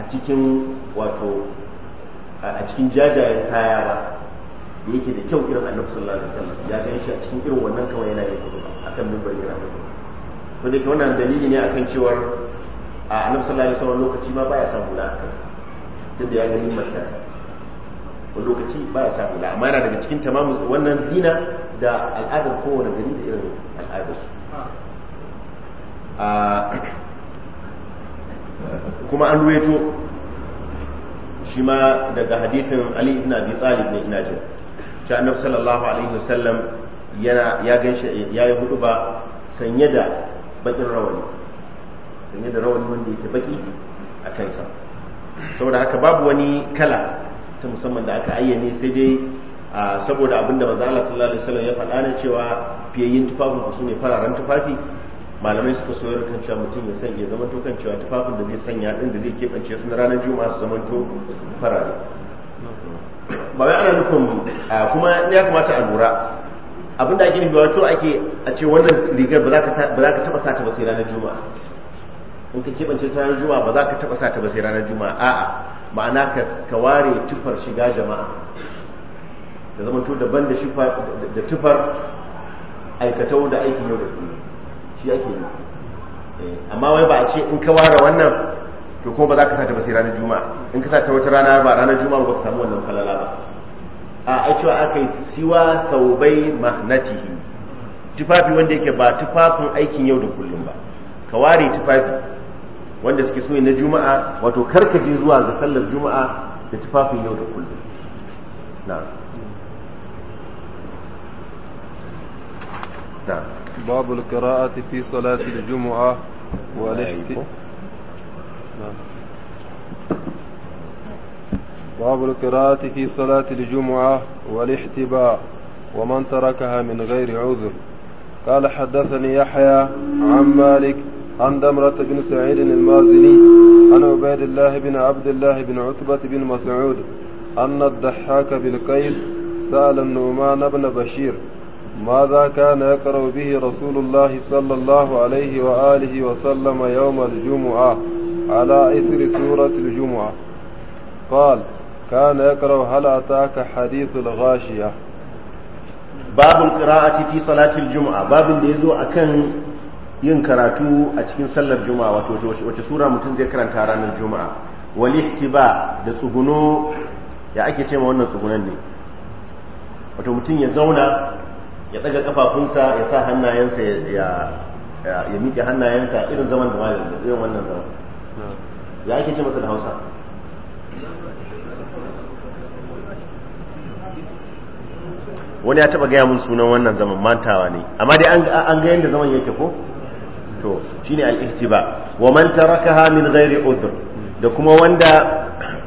a cikin wato a cikin jajayen kaya ba da yake da kyau irin annabi sallallahu alaihi wasallam ya san shi a cikin irin wannan kawai yana yin kudu akan mimbar yana yin Kuma da ke wannan dalili ne akan cewar a annabi sallallahu alaihi wasallam lokaci ma baya son hula akan tunda ya ga mimbar ta wani lokaci ba ya samu da amma yana daga cikin tamamu wannan dina da al'adar kowane gari da irin al'adar su ah, kuma an ruweto shi ma daga hadithin ali ibn abi talib ne ina jin ta annabi sallallahu alaihi wasallam yana ya ganshi yi hudu ba sanye da bakin rawani sanye da rawani wanda yake baki a kansa saboda haka babu wani kala ta musamman da aka ayyane sai dai saboda abinda manzo Allah sallallahu alaihi wasallam ya faɗa ne cewa fiyayyin tufafin su ne fararen tufafi malamai suka soyar kan cewa mutum ya sanya zama to kan cewa tufafin da zai sanya din da zai kebance su na ranar juma'a su zaman to farare ba wai ana nufin kuma ya kamata a lura abinda ake nufi wato ake a ce wannan rigar ba za ka taba sata ba sai ranar juma'a in ka kebance ta ranar juma'a ba za ka taba sata ba sai ranar juma'a a'a ma'ana ka ware tufar shiga jama'a da zama to daban da da tufar aikatau da aikin yau da kullum shi ake yi eh, amma wai ba a ce in ka ware wannan to kuma ba za ka sata ba sai ranar juma'a in ka sata wata rana ba ranar juma'a ba ka samu wannan falala ba a cewa aka yi siwa taubai mahnatihi tufafi wanda yake ba tufafin aikin yau da kullum ba ka ware tufafi wanda suke so na juma'a wato karkaje zuwa ga sallar juma'a da tufafin yau da kullum na باب القراءة في صلاة الجمعة والاحتمال باب القراءة في صلاة الجمعة والاحتباء ومن تركها من غير عذر قال حدثني يحيى عن مالك عن دمرة بن سعيد المازني عن عبيد الله بن عبد الله بن عتبة بن مسعود أن الضحاك بن قيس سأل النعمان بن بشير ماذا كان يقرأ به رسول الله صلى الله عليه وآله وسلم يوم الجمعة على إثر سورة الجمعة قال كان يقرأ هل أتاك حديث الغاشية باب القراءة في صلاة الجمعة باب يزو أكن yin karatu a cikin sallar juma'a wato wace sura mutum zai karanta ranar juma'a wal ba da tsuguno ya ake ce ma wannan tsugunan ne wato mutum ya zauna ya daga kafafunsa ya sa hannayensa ya ya miƙe hannayensa irin zaman da malam irin wannan zaman ya ake ce masa da Hausa wani ya taba gaya mun sunan wannan zaman mantawa ne amma dai an ga yadda zaman yake ko to shine al-ihtiba wa man tarakaha min ghairi udhr da kuma wanda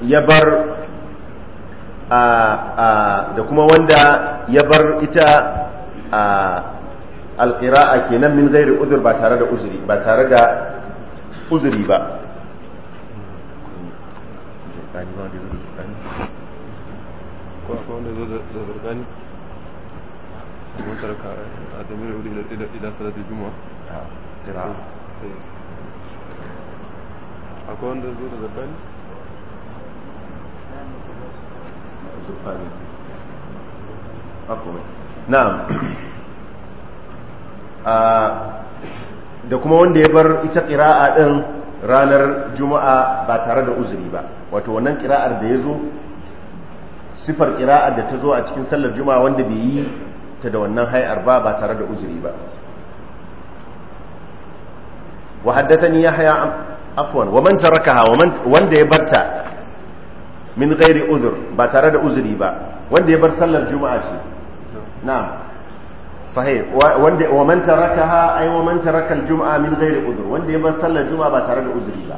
ya bar a da kuma wanda ya bar ita al-qira'a kenan min ghairi udhr ba tare da uzuri ba tare da uzuri ba ko da ah, da kuma wanda ya bar ita ƙira'a ɗin ranar juma'a ba tare da uzuri ba wato wannan ƙira'ar da ya zo sifar ƙira'ar da ta zo a cikin sallar juma'a wanda bai yi ta da wannan hai'ar ba ba tare da uzuri ba wa haddathani yahya afwan wa man tarakaha wa man wanda ya barta min ghairi uzur ba tare da uzuri ba wanda ya bar sallar juma'a ce na'am sahih wanda wa man tarakaha ay wa man taraka al min ghairi uzur wanda ya bar sallar juma'a ba tare da uzuri ba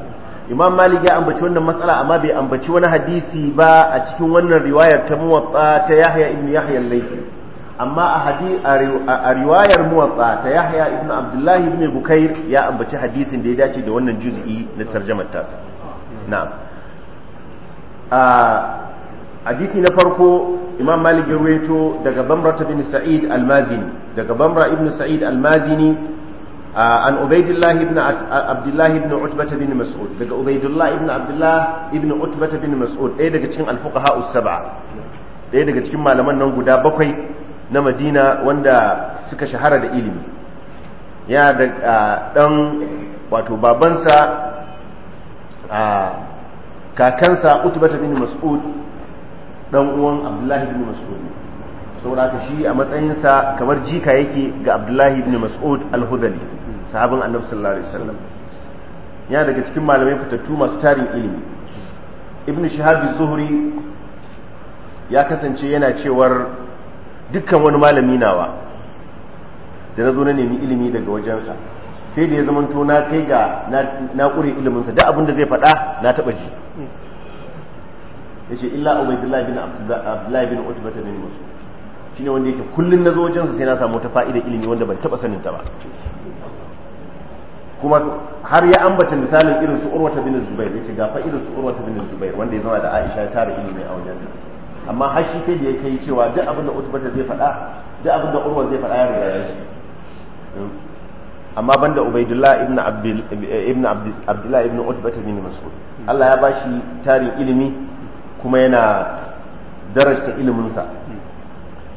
imam malik ya ambaci wannan matsala amma bai ambaci wani hadisi ba a cikin wannan riwayar ta muwatta ta yahya ibn yahya al-laythi amma a riwayar muwatsa ta yahya ibn abdullahi ibn bukair ya ambaci hadisin da ya dace da wannan juz'i na tarjamar tasa na'am hadisi na farko imam malik ya ruwaito daga bamra bin sa'id al-mazini daga bamra ibn sa'id al-mazini an ubaidillah ibn abdullah ibn utbah bin mas'ud daga ubaidillah ibn abdullah ibn utbah bin mas'ud ɗaya daga cikin al-fuqaha ɗaya daga cikin malaman nan guda bakwai na madina wanda suka shahara da ilimi ya da dan wato babansa a kakansa utubata bin mas'ud dan uwan abdullahi bin mas'ud saboda ka shi a matsayinsa kamar jika yake ga abdullahi bin mas'ud al-hudali sahabin annabi sallallahu alaihi wasallam ya daga cikin malamai fitattu masu tarin ilimi ibn shihab az-zuhri ya kasance yana cewar dukkan wani malami nawa da na zo na nemi ilimi daga wajensa sai da ya to na kai ga na ƙure iliminsa da abin da zai faɗa na taɓa ji ya ce illa ubaidullahi bin abdullahi bin utbata bin mas'ud shine wanda yake kullun na zo wajensa sai na samu ta fa'ida ilimi wanda ban taɓa sanin ta ba kuma har ya ambata misalin irin su urwata bin zubair yace ga fa irin su urwata bin zubair wanda ya zama da aisha tara ilimi a wajen amma har shi kai da ya kai cewa duk abin da utubata zai faɗa duk abin da urwa zai faɗa ya riga ya shi amma banda ubaidullah ibn ibn abdullah ibn utbata bin mas'ud Allah ya bashi tarin ilimi kuma yana darasta iliminsa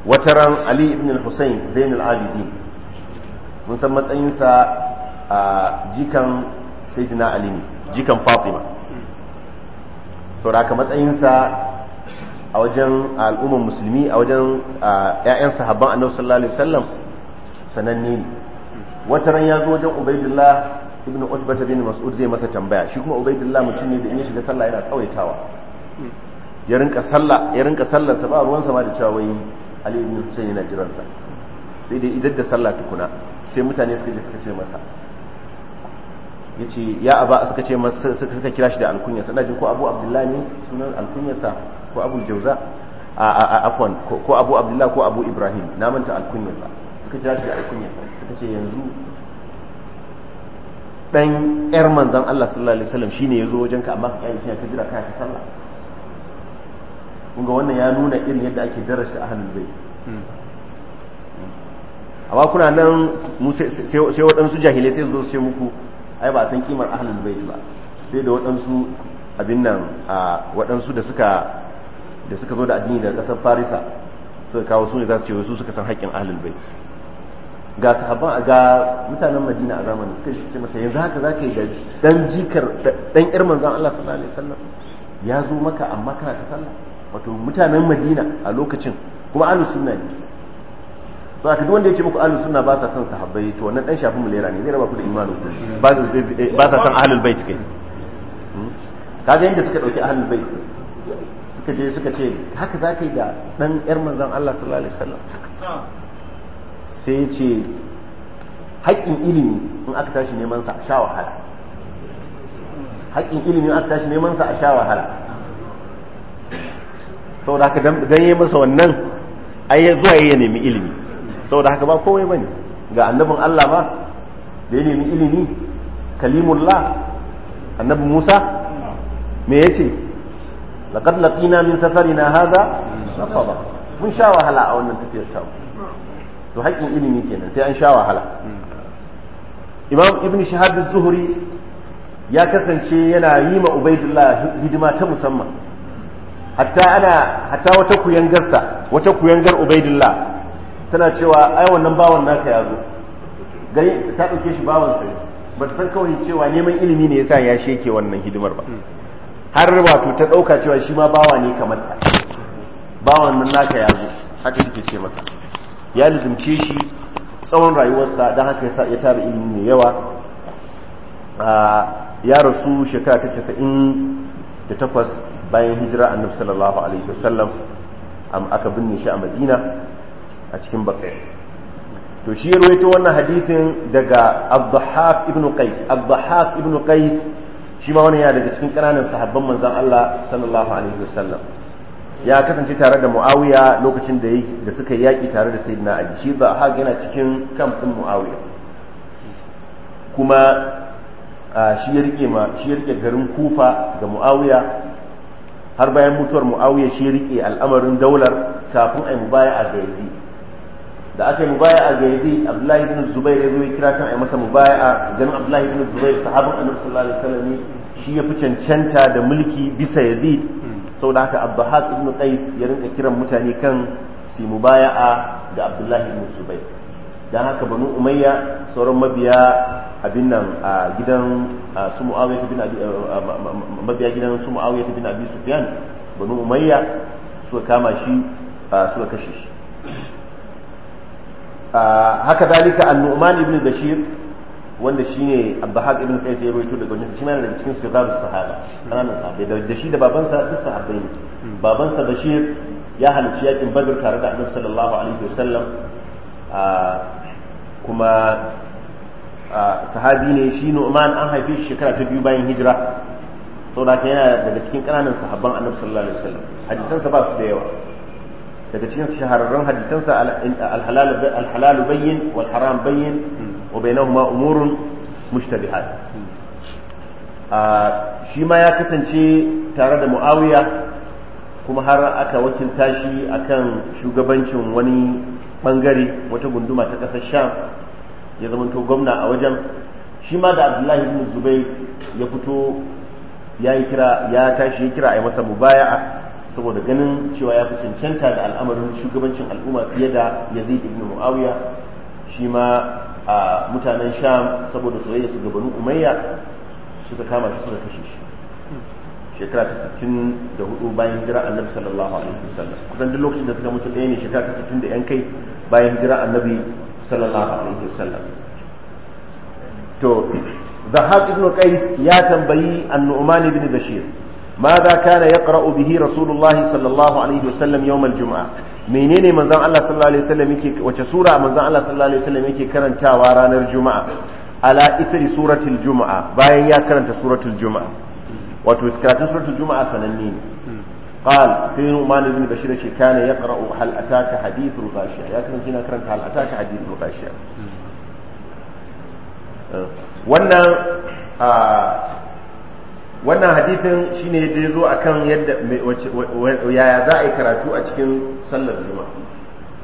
wata ran ali ibn Hussain husayn zainul abidin mun san matsayinsa a jikan sayyidina ali ne jikan fatima to da matsayin matsayinsa. a wajen al'ummar musulmi a wajen ‘ya’yan sahabban annabi sallallahu alaihi wasallam sananne ne wata ran ya zo wajen ubaidillah ibn utbata bin mas'ud zai masa tambaya shi kuma ubaidillah mutum ne da in ya shiga sallah yana tsawaitawa ya rinka sallah ya rinka sallar sa ba ruwan sama da cewa wai ali ibn husayn yana jiran sa sai dai idan da sallah tukuna sai mutane suka je suka ce masa yace ya aba suka ce masa suka kira shi da alkunya sana jin ko abu abdullahi ne sunan alkunyarsa ko abu jauza afwan ko abu Abdullahi ko abu ibrahim na manta ba suka kira shi da alkunyarsa suka ce yanzu dan yar manzon Allah sallallahu alaihi wasallam shine yazo wajen ka amma ka yi ka jira kai ka sallah kunga wannan ya nuna irin yadda ake darasta ahlul bait hmm. amma kuna nan sai waɗansu jahilai sai zo sai muku ai ba san kimar ahlul bait ba sai da waɗansu abin nan waɗansu da suka da suka zo da addini daga kasar farisa suka kawo su ne za su ce wasu suka san haƙƙin ahlul bait ga sahabban ga mutanen madina a zamanin suka ce masa yanzu haka za ka yi da dan jikar dan yar manzon Allah sallallahu alaihi wasallam ya zo maka amma kana ta sallah wato mutanen madina a lokacin kuma ahlus sunna ne to aka duk wanda ya ce muku ahlus sunna ba sa son sahabbai to wannan dan shafin mulera ne zai raba ku da imanin ku ba eh, sa son ahlul bait kai hmm? kaga yanda suka dauki ahlul bait suka je suka ce haka za ka yi da ɗan ‘yar manzan Allah sallallahu alaihi wasallam sai ce haƙƙin ilimi in aka tashi neman sa a sha wahala haƙƙin ilimi in aka tashi neman sa a sha wahala saboda haka dan yi masa wannan ai ya zuwa ya nemi ilimi saboda haka ba komai ne ga annabin Allah ba da ya nemi ilimi kalimullah annabi Musa me yace laqad laqina min safarina hadha nasaba mun sha wahala a wannan tafiyar to haƙƙin ilimi kenan sai an sha wahala imam ibn shahab zuhuri ya kasance yana yi ma ubaidullah hidima ta musamman hatta ana hatta wata kuyangarsa wata kuyangar ubaidullah tana cewa ai bawan naka yazo, zo gari ta ɗauke shi bawan sai san kawai cewa neman ilimi ne yasa ya sheke wannan hidimar ba har wato ta ɗauka cewa shi ma bawa ne kamar ta bawan nan naka ya zo haka suke ce masa ya lizumce shi tsawon rayuwarsa don haka yasa ya tara ilimi mai yawa ah, ya rasu shekara ta casa'in da takwas bayan hijira annabi sallallahu alaihi wasallam aka binne shi a madina a cikin bakai to shi ya rawaito wannan hadithin daga abdullahi ibn qais abdullahi ibn qais shi ma wani ya daga cikin ƙananan sahabban manzon Allah sallallahu alaihi wasallam ya kasance tare da Muawiya lokacin da da suka yi yaki tare da Sayyidina Ali shi ba haka yana cikin kam ɗin Muawiya kuma shi ya rike garin Kufa ga Muawiya har bayan mutuwar Muawiya shi ya rike al'amarin daular kafin ayi mubaya'a ga Yazid da aka yi mubaya'a ga yazid abdullahi ibn zubair ya zo ya kira kan ai masa mubaya'a ganin abdullahi ibn zubair sahabin annabi sallallahu alaihi wasallam shi ya fi cancanta da mulki bisa yazid saboda haka abdahaq ibn qais ya rinka kiran mutane kan su mubaya'a ga abdullahi ibn zubair dan haka banu umayya sauran mabiya abin nan a gidan su Muawiyah ibn abi mabiya gidan su Muawiyah ibn abi sufyan banu umayya suka kama shi suka kashe shi haka dalika annu'man ibn bashir wanda shine abdahaq ibn qais ya rawaito daga wannan shi ma daga cikin sigar sahaba ranan sahaba da shi da babansa duk sahabbai ne babansa bashir ya halarci yakin badr tare da annabi sallallahu alaihi wasallam kuma sahabi ne shi nu'man an haife shi shekara ta biyu bayan hijira saboda yana daga cikin kananan sahabban annabi sallallahu alaihi wasallam sa ba su da yawa daga cikin shahararrun hadisansa alhalalu bayyin wal haram bayyin hmm. wa bainahuma umurun mushtabihat ah, shi ma ya kasance tare da muawiya kuma har aka wakilta shi akan shugabancin wani bangare wata gunduma ta ƙasar sham ya zamanto gwamna a wajen shi ma da abdullahi ibn zubair ya fito ya yi kira ya tashi ya kira a yi masa mubaya'a saboda ganin cewa ya fi cancanta da al'amarin shugabancin al'umma fiye da yazid ibn muawiya shi ma a mutanen sham saboda soyayya su gabanin umayya suka kama shi suka kashe shi shekara ta sittin da hudu bayan jira annabi sallallahu alaihi wasallam kusan duk lokacin da suka mutu ɗaya ne shekara ta sittin da yan kai bayan jira annabi sallallahu alaihi wasallam to zahab ibn qais ya tambayi an-nu'man ibn bashir ماذا كان يقرأ به رسول الله صلى الله عليه وسلم يوم الجمعة menene manzon Allah sallallahu alaihi wasallam yake wace sura manzon Allah sallallahu alaihi wasallam yake karantawa ranar juma'a ala ithri suratul juma'a bayan ya karanta suratul juma'a wato karatun suratul juma'a sananne ne قال في نعمان بن بشير كان يقرأ هل أتاك حديث الغاشية يا كان كنا كرنت هل أتاك حديث الغاشية wannan wannan hadithin shine ne ya zo akan yadda yaya za a yi karatu a cikin sallar juma'a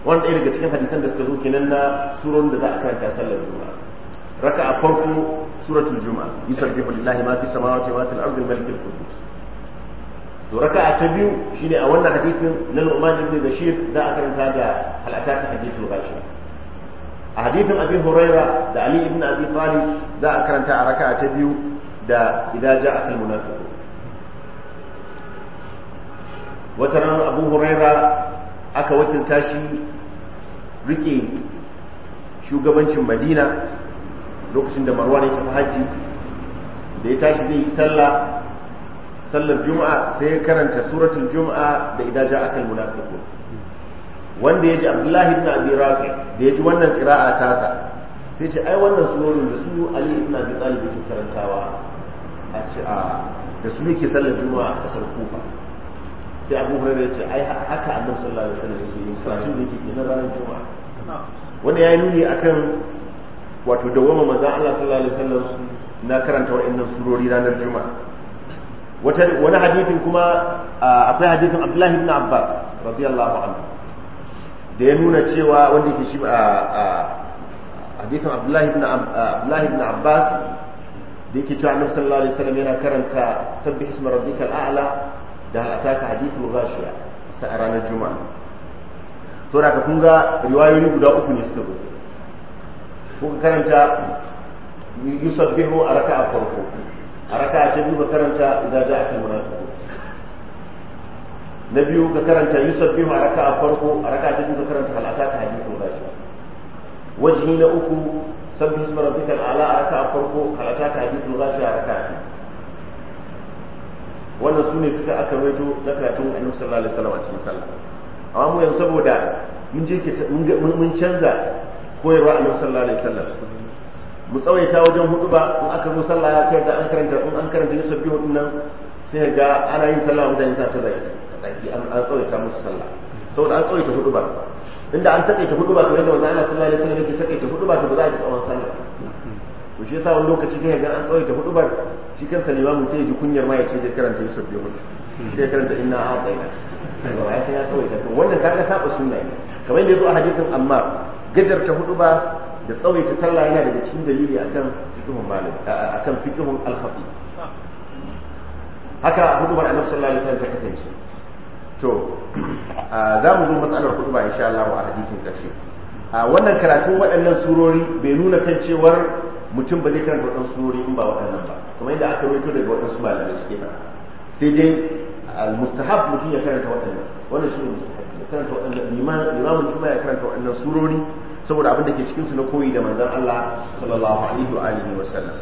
wanda ɗaya daga cikin hadisan da suka zo kenan na surorin da za a karanta sallar juma'a raka a farko suratul juma'a yusabbihu lillahi ma fi samawati wa ma fil ardi malikul qudus to raka a ta biyu shine a wannan hadisin na Nu'man ibn Bashir za a karanta da al-asaka hadithul ghashi a hadithin Abi Huraira da Ali ibn Abi Talib za a karanta a raka ta biyu da idan ja al munafiqun wata ran abu huraira aka wakilta tashi rike shugabancin madina lokacin da marwa ne tafi haji da ya tashi zai yi sallah sallar juma'a sai ya karanta suratul juma'a da idan ja al munafiqun wanda ya ji abdullahi ibn abi rafi da ya ji wannan qira'a tasa sai ce ai wannan surorin da su ali ibn abi talib ke karantawa da su ne ke sallar juma'a a kasar kufa sai abu hurairu ya ce ai haka annabi sallallahu alaihi wasallam yake yin karatun da yake na ranar juma'a wanda ya yi nuni akan wato dawama manzon Allah sallallahu alaihi wasallam na karanta wa'annan surori ranar juma'a wata wani hadithin kuma akwai hadithin Abdullahi ibn Abbas radiyallahu anhu da ya nuna cewa wanda yake shi a hadithin Abdullahi ibn Abdullahi ibn Abbas da yake cewa annabi sallallahu alaihi wasallam yana karanta tabbih isma rabbikal a'la da ataka hadithul ghashiya sa ranar juma'a to da kun ga riwayoyi guda uku ne suka zo kuka karanta yusabbihu a raka'a farko a raka'a ta biyu ka karanta idza ja'aka al-munafiqun na biyu ka karanta yusabbihu a raka'a farko a raka'a ta biyu ka karanta hal ataka hadithul ghashiya wajhi na uku sabbi isma rabbikal ala a farko karata ta hadithul ghashiya a raka'a wannan sune suka aka rawaito na annabi sallallahu alaihi wasallam a cikin sallah amma mu yanzu saboda mun je mun canza koyarwa annabi sallallahu alaihi wasallam mu tsawaita wajen hudu ba in aka zo sallah ya kai da an karanta in an karanta ne sabbi hudun nan sai ga ana yin sallah mutane sa ta zaki an tsawaita musu sallah saboda an tsawaita hudu ba inda an taƙaita hudu ba kamar yadda wannan ana sallah alaihi wasallam yake taƙaita hudu ba to ba za a ji tsawon sallah to shi yasa wani lokaci kai ga an tsawaita hudu ba shi kansa mu sai ji kunyar ma ya ce zai karanta Yusuf bai hudu sai karanta inna a tsaina ya sai ya tsawaita to wannan ka kaga saba sunna ne kamar yadda zo a hadisin amma gajarta hudu ba da tsawaita sallah yana daga cikin dalili akan fiqhun malik akan fiqhun al-khafi haka ba annabi sallallahu alaihi wasallam ta kasance to za mu zo matsalar kudu ba insha Allah a hadisin karshe wannan karatun waɗannan surori bai nuna kan cewar mutum ba zai karanta waɗannan surori in ba waɗannan ba kamar yadda aka rawaito daga waɗansu malamai suke ba sai dai mustahab mutum ya karanta waɗannan wannan shi ne mustahab ya karanta waɗannan limamin mutum ya karanta waɗannan surori saboda abin da ke cikin su na koyi da manzon Allah sallallahu alaihi wa alihi wa sallam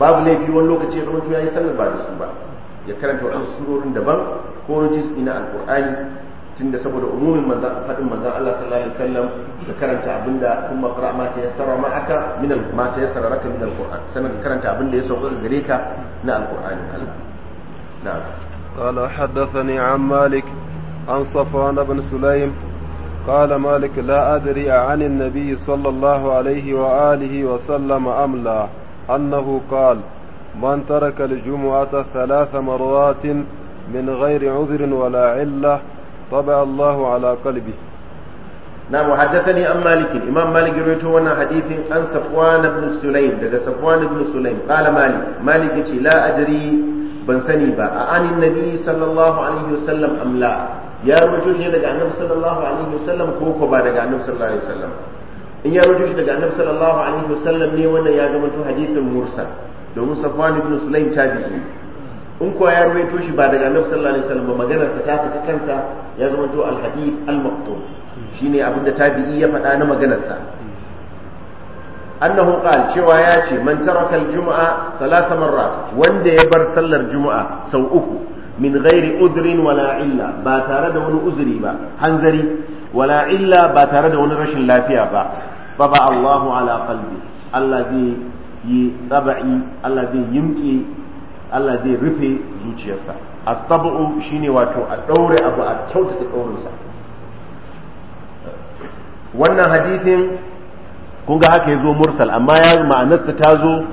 babu laifi wani lokaci ya zama ya yi sallar ba da su ba ya karanta waɗansu surorin daban ko wani juz'i na alqur'ani tunda saboda umumin manzan faɗin manzan Allah sallallahu alaihi wasallam ka karanta abinda kun maqra ma ta yassara ma aka min al ma ta yassara raka min alqur'an sannan ka karanta abinda ya sauka ga gare ka na alqur'ani Allah na'am قال حدثني عن مالك عن صفوان بن سليم قال مالك لا أدري عن النبي صلى الله عليه وآله وسلم أم لا أنه قال من ترك الجمعة ثلاث مرات من غير عذر ولا علة طبع الله على قلبه نعم وحدثني عن مالك الإمام مالك رويته وانا حديث عن صفوان بن سليم دقى صفوان بن سليم قال مالك مالك لا أدري بن سنيبا عن النبي صلى الله عليه وسلم أم لا ya rubuto shi daga annabi sallallahu alaihi wasallam ko ko ba daga annabi sallallahu alaihi wasallam in ya rubuto shi daga annabi sallallahu alaihi wasallam ne wannan ya zama to hadisin mursal domin safwan ibn sulaim tabi'i in kuwa ya ruwaito shi ba daga annabi sallallahu alaihi wasallam ba maganar ta ta ta kansa ya zama to al hadith al maqtum shine abinda tabi'i ya faɗa na maganar sa annahu qal cewa ya ce man taraka al jumu'a thalatha marrat wanda ya bar sallar jumu'a sau uku min ghairi udrin wala illa ba tare da wani uzuri ba hanzari wala illa ba tare da wani rashin lafiya ba fa ba Allahu ala qalbi Allah zai yi tsaba'i Allah zai yimke Allah zai rufe zuciyarsa a shi ne wato a ɗaure abu a kyautata ɗaurinsa wannan hadithin kun ga haka ya zo mursal amma ya ma'anarsa ta zo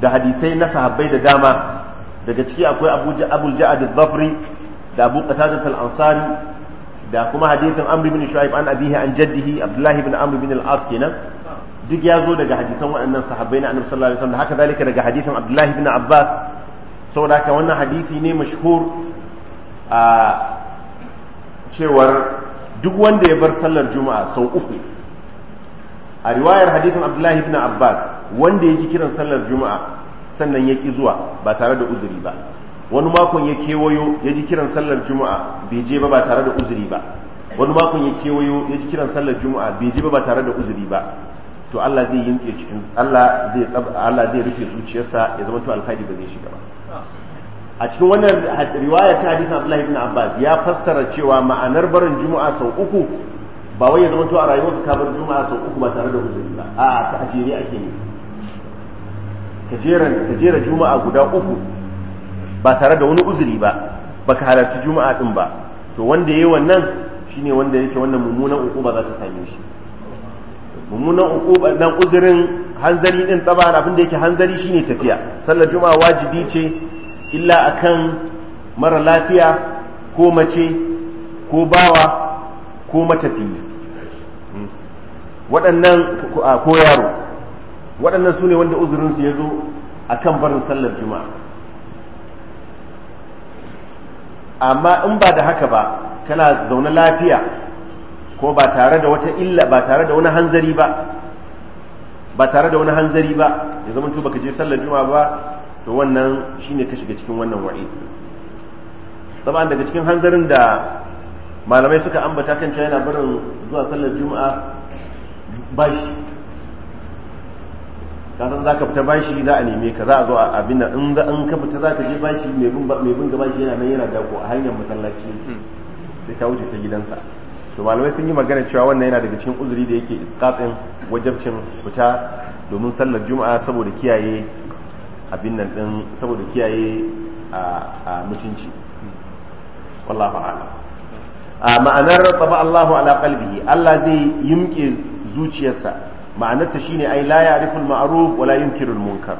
da hadisai na sahabbai da dama daga ciki akwai abu ja'ad zafri da abu qatadat al-ansari da kuma hadithin amr bin shu'aib an abihi an jaddihi abdullahi bin amr bin al-as kenan duk ya zo daga hadisan waɗannan sahabbai na annabi sallallahu alaihi wasallam haka zalika daga hadisin abdullahi ibn abbas saboda haka wannan hadisi ne mashhur a cewar duk wanda ya bar sallar juma'a sau uku a riwayar hadisin abdullahi ibn abbas wanda ya ji kiran sallar juma'a sannan ya ki zuwa ba tare da uzuri ba wani makon ya kewayo ya ji kiran sallar juma'a bai je ba ba tare da uzuri ba wani makon ya kewayo ya ji kiran sallar juma'a bai je ba ba tare da uzuri ba to Allah zai yinke cikin Allah zai Allah zai rufe zuciyarsa ya zama to alkhairi ba zai shiga ba a cikin wannan riwaya ta hadisi Abdullahi ibn Abbas ya fassara cewa ma'anar barin juma'a sau uku ba wai ya zama to a rayuwar ka bar juma'a sau uku ba tare da huzuri ba a ta ajere ake ne ka jera ka jera juma'a guda uku ba tare da wani uzuri ba baka halarci juma'a din ba to wanda yayi wannan shine wanda yake wannan mummunan uku ba za ta same shi mummunan ukuba nan uzurin hanzari din taban abin da yake hanzari shine tafiya sallar juma'a wajibi ce illa akan mara lafiya ko mace ko bawa ko matafi. Hmm. waɗannan ko yaro waɗannan su ne wanda uzurinsu ya zo a kan barin sallar juma'a amma in ba da haka ba kana zaune lafiya ko ba tare da wata illa ba tare da wani hanzari ba ba tare da wani hanzari ba ya zama to baka je sallar juma'a ba to wannan shine ka shiga cikin wannan wa'i saboda daga cikin hanzarin da malamai suka ambata kan cewa yana barin zuwa sallar juma'a bashi kasan za ka fita bashi za a neme ka za a zo a abin in za an ka fita za ka je bashi mai bin ga shi yana nan yana dako a hanyar masallaci hmm. sai ka wuce ta gidansa to malamai sun yi magana cewa wannan yana daga cikin uzuri da yake isqatin wajabcin fita domin sallar juma'a saboda kiyaye abin nan din saboda kiyaye a mutunci wallahu a'lam a ma'anar taba Allahu ala qalbihi Allah zai yimke zuciyarsa ma'anarta shine ai la ya'riful ma'ruf wala yunkirul munkar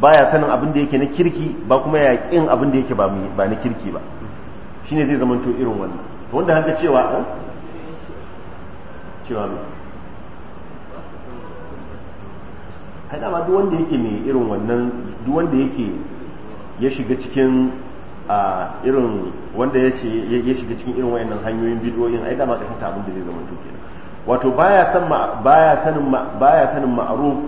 baya sanin abin da yake na kirki ba kuma ya abin da yake ba na kirki ba shine zai zamanto irin wannan to wanda har cewa eh? cewa cewa mai haɗa ma duwanda yake mai irin wannan duwanda yake ya shiga cikin a irin wanda ya shiga cikin irin wayannan hanyoyin bidiyoyin ai dama kashin abin da zai zama to kenan wato baya san baya sanin baya sanin ma'ruf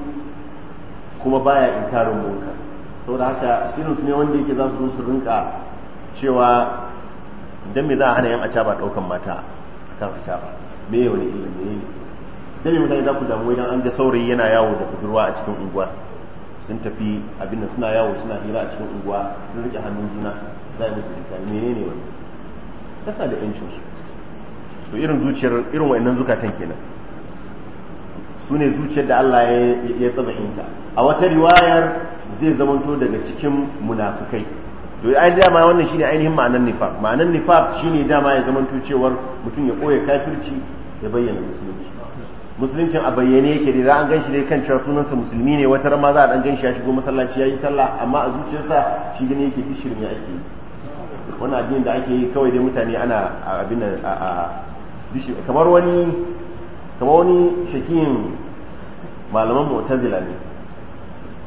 kuma baya inkarin munkar saboda haka irin su ne wanda yake za su zo su rinka cewa dan me za a hana yan acaba daukan mata kan acaba me yau wani ilimi ne dan me mutane za ku damu idan an ga saurayi yana yawo da budurwa a cikin unguwa sun tafi abin suna yawo suna hira a cikin unguwa sun rike hannun juna za a yi musu dukkan ne wani kasa da yancin su to irin zuciyar irin wayannan zukatan kenan su ne zuciyar da Allah ya tsaba inta a wata riwayar zai zamanto daga cikin munafukai to ai dama wannan shine ainihin ma'anar nifaq ma'anar nifaq shine dama ya zaman cewar mutum ya koya kafirci ya bayyana musulunci musuluncin a bayyane yake da za an ganshi dai kan cewa sunansa musulmi ne wata rama za a dan ganshi ya shigo masallaci yayi sallah amma a zuciyarsa shi gani yake tishirin ya ake yi wannan addinin da ake yi kawai dai mutane ana a abin a dishi kamar wani kamar wani shakin malaman mu'tazila ne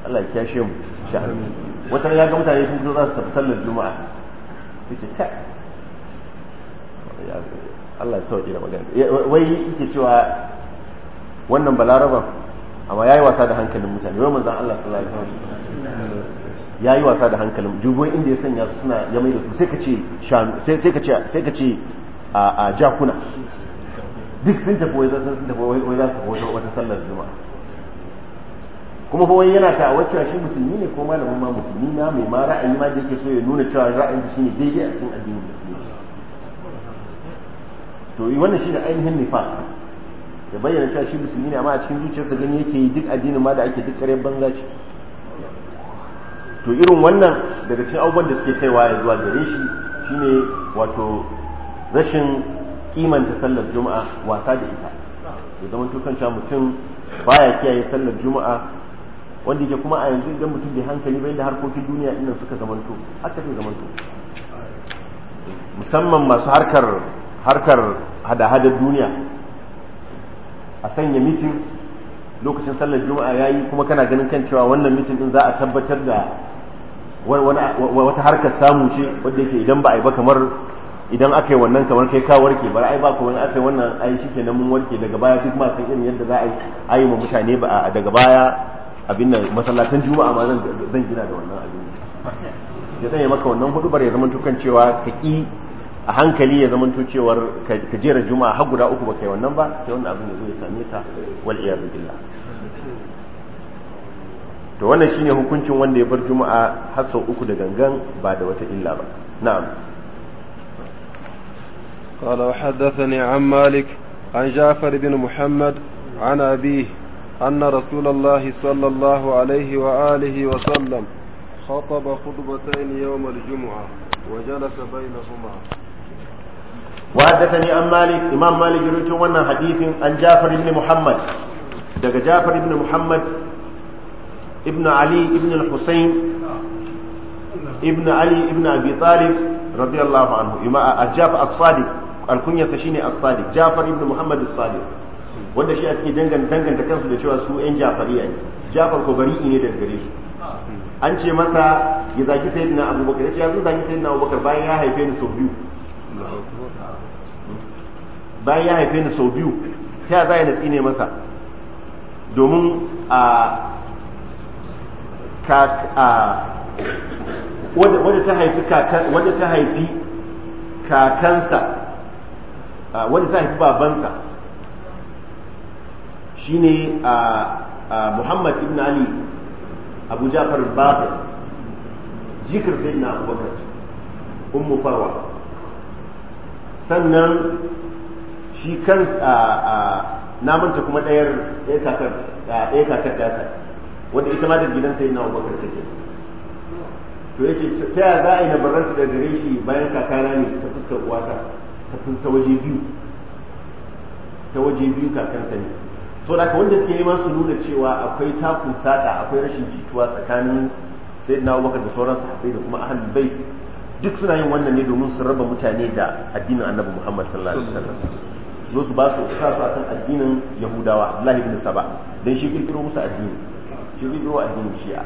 Allah ya kiyashe mu sha'ani wata ya ga mutane sun za su tafi sallar juma'a ce ta Allah ya sauƙi da magana wai yake cewa wannan balaraban amma yi wasa da hankalin mutane wai manzan Allah sallallahu alaihi Ya yi wasa da hankalin jugoyi inda ya sanya su suna ya maida su sai ka ce sai ka ce a jakuna duk sun tafi wai tafi wai za su tafi wata sallar juma'a kuma fa wani yana ta wacce cewa shi musulmi ne ko malamin ma musulmi na mai ma ra'ayi ma da yake so ya nuna cewa ra'ayin shi ne daidai a cikin addinin musulmi to wannan ne ainihin nifa ya bayyana cewa shi musulmi ne amma a cikin zuciyarsa gani yake yi duk addinin ma da ake duk ƙaryar banza ce to irin wannan daga cikin abubuwan da suke kaiwa ya zuwa gare shi shine wato rashin kimanta sallar juma'a wasa da ita da zaman tukan mutum baya kiyaye sallar juma'a wanda yake kuma a yanzu idan mutum bai hankali bai da harkokin duniya inda suka zamanto haka zai zamanto musamman masu harkar harkar hada-hadar duniya a sanya mitin lokacin sallar juma'a ya yi kuma kana ganin kan cewa wannan mitin din za a tabbatar da wata harkar samu ce wadda yake idan ba a yi ba kamar idan aka yi wannan kamar kai ka warke ba ai ba ko wani aka yi wannan ai nan mun warke daga baya duk ma san irin yadda za a yi ayi mutane ba daga baya abin nan masallatan juma'a ma zan gina da wannan abin ya zai maka wannan bar ya zamanto kan cewa ka ki a hankali ya zamanto cewa ka jera juma'a har guda uku ba kai wannan ba sai wannan abin ya zo ya same ka wal iyadu billah to wannan shine hukuncin wanda ya bar juma'a har sau uku da gangan ba da wata illa ba na'am قال وحدثني عن مالك عن جعفر بن محمد عن أبيه أن رسول الله صلى الله عليه وآله وسلم خطب خطبتين يوم الجمعة وجلس بينهما وحدثني عن مالك إمام مالك يروي وانا حديث عن جعفر بن محمد دقى جعفر بن محمد ابن علي ابن الحسين ابن علي ابن أبي طالب رضي الله عنه إمام الجعفر الصادق الكنية شيني الصادق جعفر بن محمد الصادق wanda shi a dangan danganta kansu da cewa su yan jafariya ne jafar ko bari'i ne da gare shi an ce masa ya zaki sayyidina abubakar ya ce ya zo zaki sayyidina abubakar bayan ya haife ni sau biyu bayan ya haife ni sau biyu ta za ya natsi ne masa domin a ta haifi wadda ta haifi kakansa wadda ta haifi babansa shine a Muhammad ibn Ali Abu Ja'far al-Baqir zikir sayyidina Abu Bakar ummu Farwa sannan shi kan na manta kuma ɗayar ɗaya kakar ɗaya kakar dasa wanda ita ma da gidan sayyidina Abu Bakar take to yace ta ya za a yi na barranta da gare shi bayan kakana ne ta fuskar uwata ta waje biyu ta waje biyu kakansa ne to da wanda suke neman su nuna cewa akwai takun sada akwai rashin jituwa tsakanin da wakar da sauran sahabbai da kuma ahlul bait duk suna yin wannan ne domin su raba mutane da addinin Annabi Muhammad sallallahu alaihi wasallam zo su ba su sa su akan addinin Yahudawa Abdullahi ibn Saba dan shi kirkiro musu addini shi kirkiro addinin Shi'a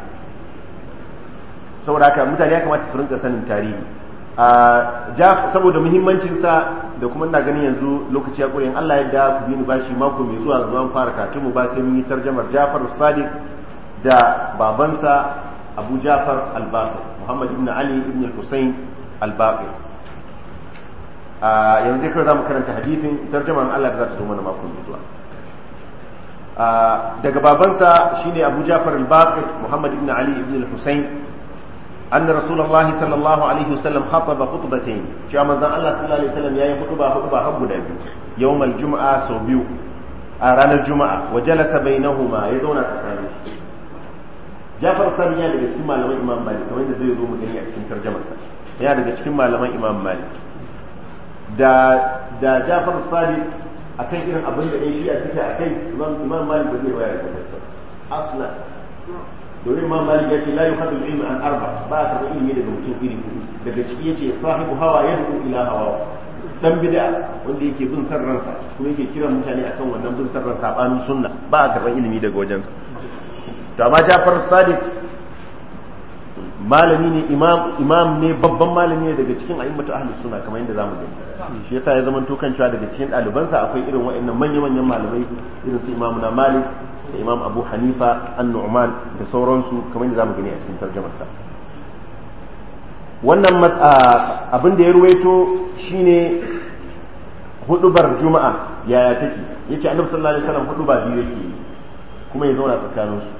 saboda haka mutane ya kamata su rinka sanin tarihi saboda muhimmancinsa da kuma ina ganin yanzu lokaci ya ƙoyin Allah da ku bi ni bashi mako mai zuwa zuwa fara kafin mu ba sai mun yi tarjamar Jafar Sadiq da babansa Abu Jafar Al-Baqir Muhammad ibn Ali ibn Hussein Al-Baqir yanzu dai kawai zamu karanta hadisin tarjamar Allah da za ta zo mana mako mai zuwa daga babansa shine Abu Jafar Al-Baqir Muhammad ibn Ali ibn Hussein anna rasulullahi sallallahu alaihi wasallam khataba khutbatayn cewa manzon Allah sallallahu alaihi wasallam yayi khutba khutba har guda biyu yawmal jumu'a sau biyu a ranar juma'a wa jalasa bainahuma ya zauna tsakanin Jafar Sami ya daga cikin malaman Imam Malik kamar yadda zai zo mu gani a cikin tarjamarsa ya daga cikin malaman Imam Malik da da Jafar Sami akan irin abin da ɗan shi'a suke Imam ba zai da domin imam malik yace la yuhadu ilmu an arba ba ka ilimi daga mutum iri hudu daga ciki yace sahibu hawa yadu ila hawa dan bid'a wanda yake bin san ransa kuma yake kiran mutane akan wannan bin san ransa sabanin sunna ba ka karban ilimi daga wajensa to amma Ja'far Sadiq malami ne imam imam ne babban malami ne daga cikin a'immatu ahli sunna kamar yadda zamu gani shi yasa ya zama to cewa daga cikin ɗalibansa akwai irin wa'annan manya-manyan malamai irin su imamuna Malik da imam abu hanifa an-nu'man da sauransu kamar da zamu gani a cikin sa wannan abin da ya ruwaito shine hudubar juma'a yaya take yace annabi sallallahu alaihi wasallam huduba biyu yake kuma ya zauna tsakanin su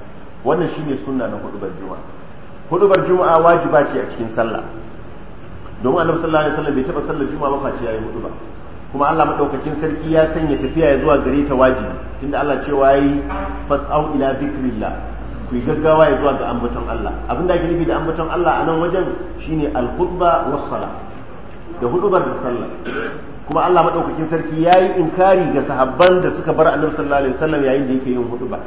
wannan shine sunna na hudubar juma'a hudubar juma'a wajiba ce a cikin sallah domin annabi sallallahu alaihi wasallam bai taba sallar juma'a ba face yayi huduba kuma Allah madaukakin sarki ya sanya tafiya ya zuwa gare ta wajibi tunda Allah ce cewa yi fas'au ila zikrillah ku yi gaggawa ya zuwa ga ambaton Allah abin da ake nufi da ambaton Allah a nan wajen shine al-khutba was sala da hudubar da sallah kuma Allah madaukakin sarki ya yi inkari ga sahabban da suka bar Annabi sallallahu alaihi wasallam yayin da yake yin huduba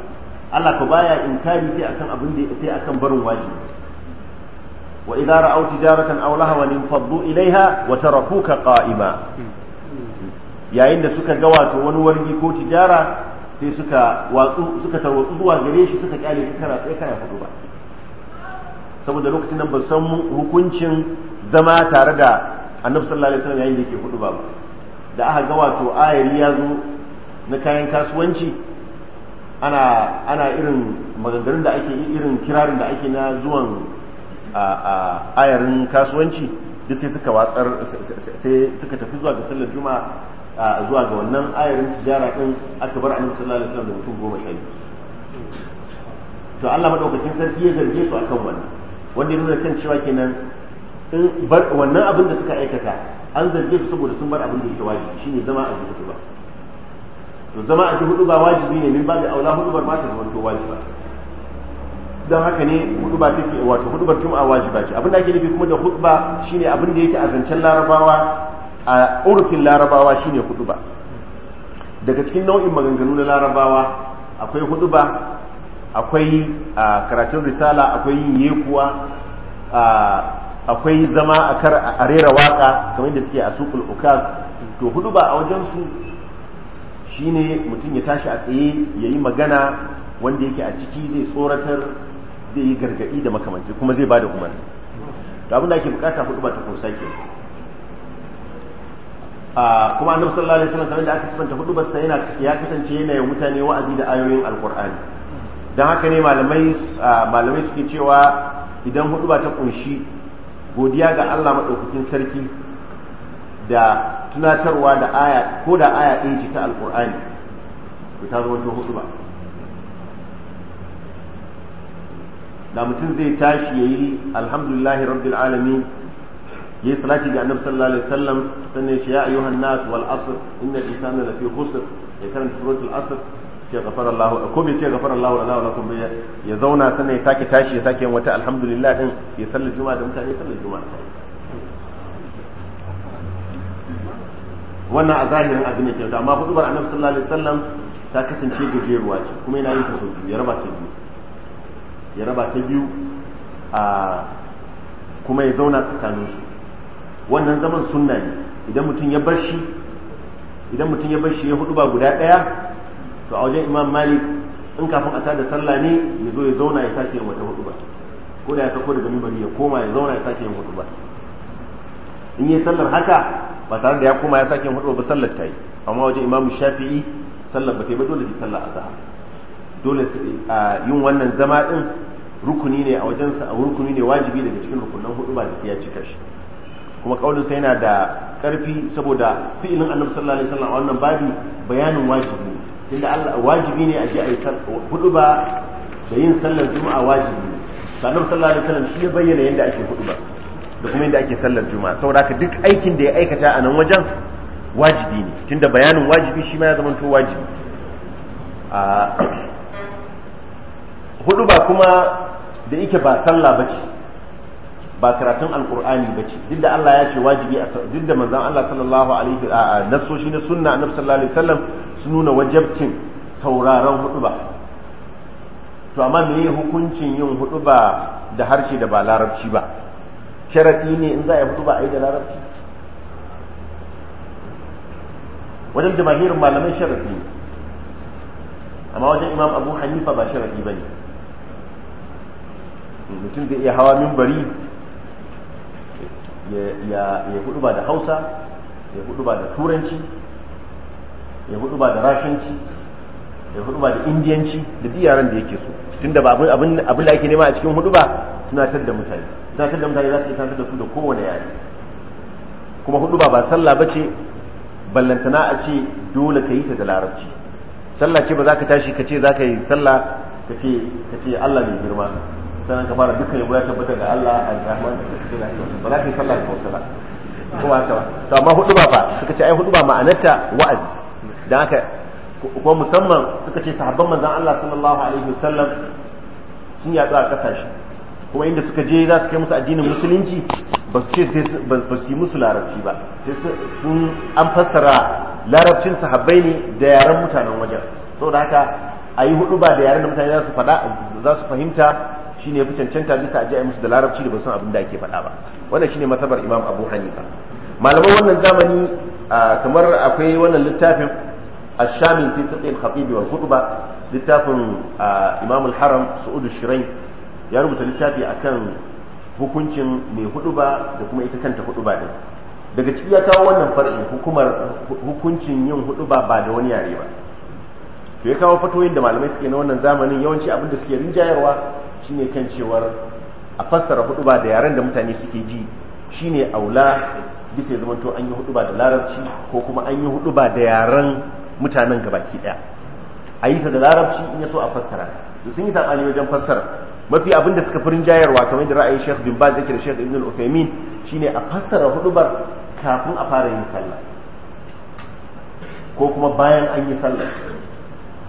Allah ko baya inkari sai akan abin da sai akan barin wajibi wa idza ra'aw tijaratan aw lahawan faddu ilaiha wa tarakuka qa'ima yayin da suka ga wato wani wargi ko tijara sai suka watsu suka tarwatsu zuwa gare shi suka kyale shi kana tsaye kana hudu ba saboda lokacin nan ban san hukuncin zama tare da annabi sallallahu alaihi wasallam yayin da yake hudu ba da aka ga wato ayari ya zo na kayan kasuwanci ana ana irin maganganun da ake irin kirarin da ake na zuwan ayarin kasuwanci duk sai suka watsar sai suka tafi zuwa ga sallar juma'a zuwa ga wannan ayarin tijara din aka bar annabi sallallahu alaihi wasallam da mutum goma sha biyu to Allah madaukakin sarki ya zarge su akan wannan wanda ya nuna kan cewa kenan in wannan abin da suka aikata an zarge su saboda sun bar abin da yake wajibi shine zama a jihudu ba to zama a jihudu ba wajibi ne min da aula hudu bar ba ta zama to wajiba don haka ne ba take wato hudubar jum'a wajiba ce abin da ake nufi kuma da ba shine abin da yake a zancen larabawa a urufin larabawa shine huduba daga cikin nau'in maganganu na larabawa akwai huduba akwai karatun risala akwai yin yekuwa akwai zama a kar a rera waka kamar da suke a sukul ukaz to huduba a wajensu shine mutum ya tashi a tsaye ya yi magana wanda yake a ciki zai tsoratar zai yi gargadi da makamanci kuma zai ba da umarni to abin da ake bukata huduba ta kusa ke kuma annabi sallallahu alaihi wasallam kamar da aka sifanta hudu sai yana ya kasance yana yin mutane wa'azi da ayoyin alqur'ani dan haka ne malamai malamai suke cewa idan hudu ba ta kunshi godiya ga Allah madaukakin sarki da tunatarwa da aya ko da aya ɗaya ce ta alqur'ani to ta zama hudu ba da mutum zai tashi yayi alhamdulillahi rabbil alamin yayi salati ga annabi sallallahu alaihi wasallam sannan ya ayyuhan nas wal asr al insana lafi khusr ya karanta suratul asr ya ghafara Allah ko bai ce ghafara Allah lana wa lakum ya zauna sannan ya sake tashi ya sake yin wata alhamdulillah din ya sallar juma'a da mutane sallar juma'a wannan a zahirin abin da amma hudubar annabi sallallahu alaihi wasallam ta kasance gajeruwa ce kuma yana yin ta sau biyu ya raba ta biyu ya raba ta biyu a kuma ya zauna tsakanin su wannan zaman sunna ne idan mutum ya bar shi idan mutum ya bar shi ya hudu ba guda daya to a wajen imam malik in kafin a tada sallah ne ya zo ya zauna ya sake yin wata hudu ba ko da ya sako daga mimbari ya koma ya zauna ya sake yin hudu ba in yi sallar haka ba tare da ya koma ya sake yin hudu ba sallar ta yi amma wajen imam shafi'i sallar ba ta yi ba dole sai sallar azhar dole yin wannan zama din rukuni ne a wajensa a rukuni ne wajibi daga cikin rukunan hudu ba da sai ya cika shi kuma kaulin sa yana da karfi saboda fi'ilin annabi sallallahu alaihi wasallam a wannan babi bayanin wajibi tunda Allah wajibi ne a ji ayi hudu ba da yin sallar juma'a wajibi ne annabi sallallahu alaihi wasallam shi ya bayyana yadda ake hudu ba da kuma yadda ake sallar juma'a saboda haka duk aikin da ya aikata a nan wajen wajibi ne tunda bayanin wajibi shi ma ya zama to wajibi hudu ba kuma da yake ba sallah bace ba karatun alkur'ani ba ce duk da Allah ya ce wajibi a duk da manzon Allah sallallahu alaihi a nasoshi na sunna annabi sallallahu alaihi wasallam su nuna wajabcin sauraron huduba to amma me hukuncin yin huduba da harshe da ba larabci ba sharadi ne in za a yi huduba a yi da larabci wajen jamahirin malamai sharadi ne amma wajen imam abu hanifa ba sharadi ba ne mutum zai iya hawa mimbari ya hudu ba da hausa ya hudu ba da turanci ya hudu ba da rashanci ya hudu ba da indiyanci da yaran da yake so tunda ba abin da ake nema a cikin hudu ba tar da mutane tar da mutane za su yi tantar da su da kowane yare kuma hudu ba ba sallah bace ballantana a ce dole ka yi ta da larabci sallah ce ba za ka tashi ka ce za ka yi sallah ka ce Allah mai girma sannan ka fara dukkan yabo ya tabbata ga Allah al-Rahman ba za ka yi sallah ka ba kuma haka ba to amma hudu ba fa suka ce ai hudu ba ma'anarta wa'azi dan haka musamman suka ce sahabban manzon Allah sallallahu alaihi wasallam sun yaɗu a kasashe kuma inda suka je za su kai musu addinin musulunci ba su ce ba su yi musu larabci ba sai sun an fassara larabcin sahabbai ne da yaren mutanen wajen saboda haka a yi hudu ba da yaren da mutane za su faɗa za su fahimta shine fi cancanta bisa a ji musu da larabci da ba san abin da ake faɗa ba wannan shine masabar imam abu hanifa malaman wannan zamani kamar akwai wannan littafin الشامل في فقه الخطيب والخطبة littafin imam al-haram Suudu Shirai ya rubuta littafi akan hukuncin mai huduba da kuma ita kanta huduba din daga ciki ya kawo wannan far'in hukumar hukuncin yin huduba ba da wani yare ba to ya kawo fatoyin da malamai suke na wannan zamanin yawanci abin da suke rinjayarwa shine kan cewar a fassara hudu ba da yaren da mutane suke ji shine aula bisa zama to an yi hudu ba da larabci ko kuma an yi hudu ba da yaren mutanen gabaki daya a yi ta da larabci in yaso a fassara to sun yi tsamani wajen fassara mafi abin da suka fi rinjayarwa kamar da ra'ayin Sheikh bin Baz yake da Sheikh Ibn al-Uthaymeen shine a fassara huɗuba kafin a fara yin sallah ko kuma bayan an yi sallah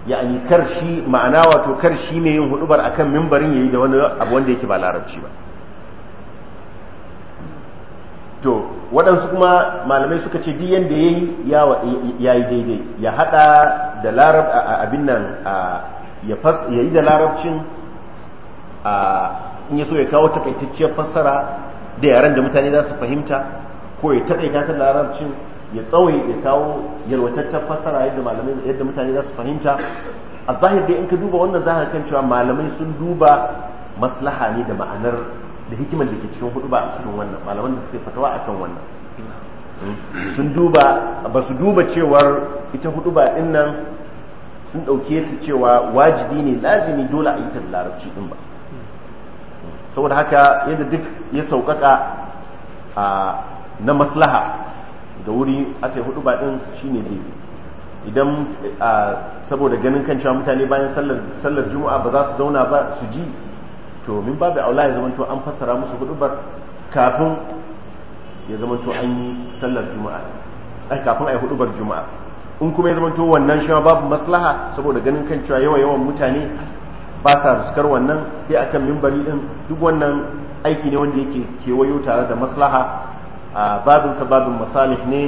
yani karshi ma'ana wato karshi ne mai yin hudubar akan mimbarin yayi da wani abu wanda yake ba larabci ba to waɗansu kuma malamai suka ce duk yanda yayi ya yi daidai ya hada da larab abin nan ya fas yayi da larabcin in ya so ya kawo takaitacciyar fassara da yaren da mutane za su fahimta ko ya takaita ta larabcin ya tsawai ya kawo yalwataccen fasara yadda malamai yadda mutane za su fahimta a zahir dai in ka duba wannan zahar kan cewa malamai sun duba maslaha ne da ma'anar da hikimar da ke cikin hudu ba a cikin wannan malaman da suke fatawa a kan wannan sun duba ba su duba cewar ita hudu ba din nan sun ɗauke ta cewa wajibi ne lazimi dole a yi ta da larabci din ba saboda haka yadda duk ya sauƙaƙa na maslaha da wuri aka yi hudu ba ɗin shi ne zai idan saboda ganin kan cewa mutane bayan sallar juma'a ba za su zauna ba su ji to min babu aula ya zamanto an fassara musu hudubar kafin ya zamanto an yi sallar juma'a ai kafin ai hudubar juma'a in kuma ya zamanto wannan shi babu maslaha saboda ganin kan cewa yawa yawan mutane ba sa ruskar wannan sai akan minbari din duk wannan aiki ne wanda yake kewayo tare da maslaha babin sa babin masalih ne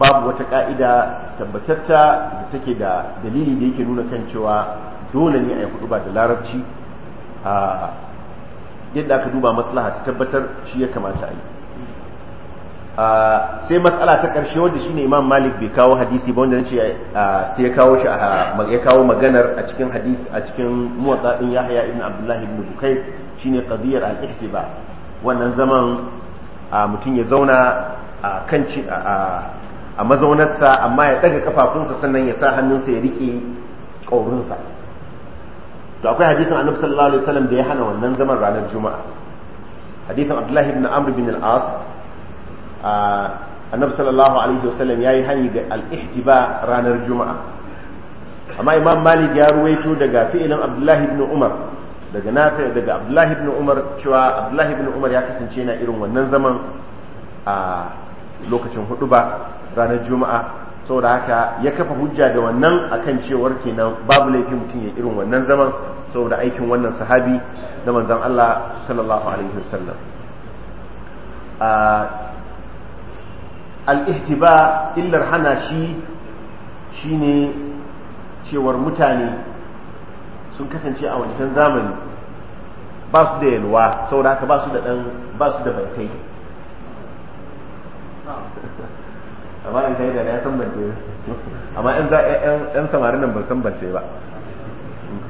babu wata ka'ida tabbatarta da take da dalili da yake nuna kan cewa dole ne a yi hudu ba da larabci a yadda aka duba maslaha ta tabbatar shi ya kamata a yi sai matsala ta ƙarshe shi ne imam malik bai kawo hadisi ba wanda ce sai ya kawo shi ya kawo maganar a cikin hadisi a cikin muwatta ɗin yahya ibn abdullahi ibn bukai shine qadiyar al-ihtiba wannan zaman a mutum ya zauna a kan a mazaunarsa amma ya daga kafafunsa sannan ya sa hannunsa ya riƙe ƙaurinsa to akwai hadisin annabi sallallahu alaihi wasallam da ya hana wannan zaman ranar juma'a hadithin abdullahi ibn amr bin al-as annabi sallallahu alaihi wasallam yayi hani ga al-ihtiba ranar juma'a amma imam malik ya ruwaito daga fi'ilin abdullahi ibn umar daga nafi daga abdullahi ibn umar cewa abdullahi ibn umar ya kasance na irin wannan zaman a lokacin hudu ba ranar juma'a saboda haka ya kafa hujja da wannan akan cewar kenan babu laifin mutum ya irin wannan zaman saboda aikin wannan sahabi na manzon Allah sallallahu alaihi wasallam al-ihtiba illar hana shi shine cewar mutane sun kasance a wancan zamani ba su da yalwa da haka ba su da dan ba su da baitai amma in sai da ya san bantai. amma in za yan samarin nan ban san bantai ba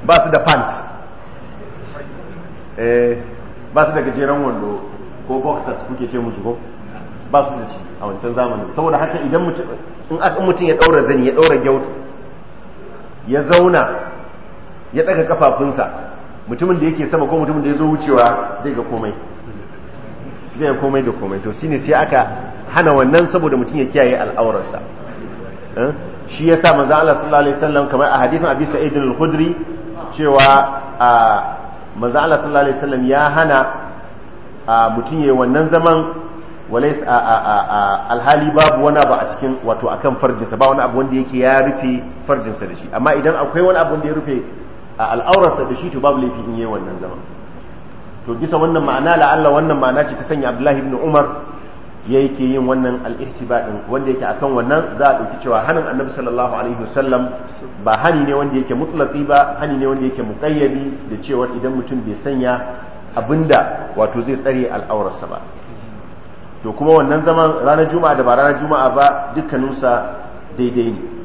ba su da pant eh ba su da gajeren wando ko boxers kuke ce musu ko ba su da shi a wancan zamanin saboda haka idan mutum in mutum ya daura zani ya daura gyautu ya zauna ya daga kafafunsa mutumin da yake sama ko mutumin da ya zo wucewa zai ga komai zai ga komai da komai to shine sai aka hana wannan saboda mutum ya kiyaye al'aurarsa eh? shi ya sa manzo Allah sallallahu alaihi wasallam kamar a hadisin Abi Sa'id al-Khudri cewa manzo Allah sallallahu alaihi wasallam ya hana mutum yayin wannan zaman walais alhali babu wani abu a cikin wato akan farjinsa ba wani abu wanda yake ya rufe farjinsa da shi amma idan akwai wani abu wanda ya rufe a al'aurarsa da shi to babu laifi in yi wannan zama to bisa wannan ma'ana la'alla wannan ma'ana ce ta sanya abdullahi ibn umar ya yake yin wannan al'ihtiba din wanda yake akan wannan za a ɗauki cewa hanin annabi sallallahu alaihi wasallam ba hani ne wanda yake mutlaqi ba hani ne wanda yake muqayyadi da cewa idan mutum bai sanya abinda wato zai tsare al'aurarsa ba to kuma wannan zaman ranar juma'a da ba ranar juma'a ba dukkaninsa daidai ne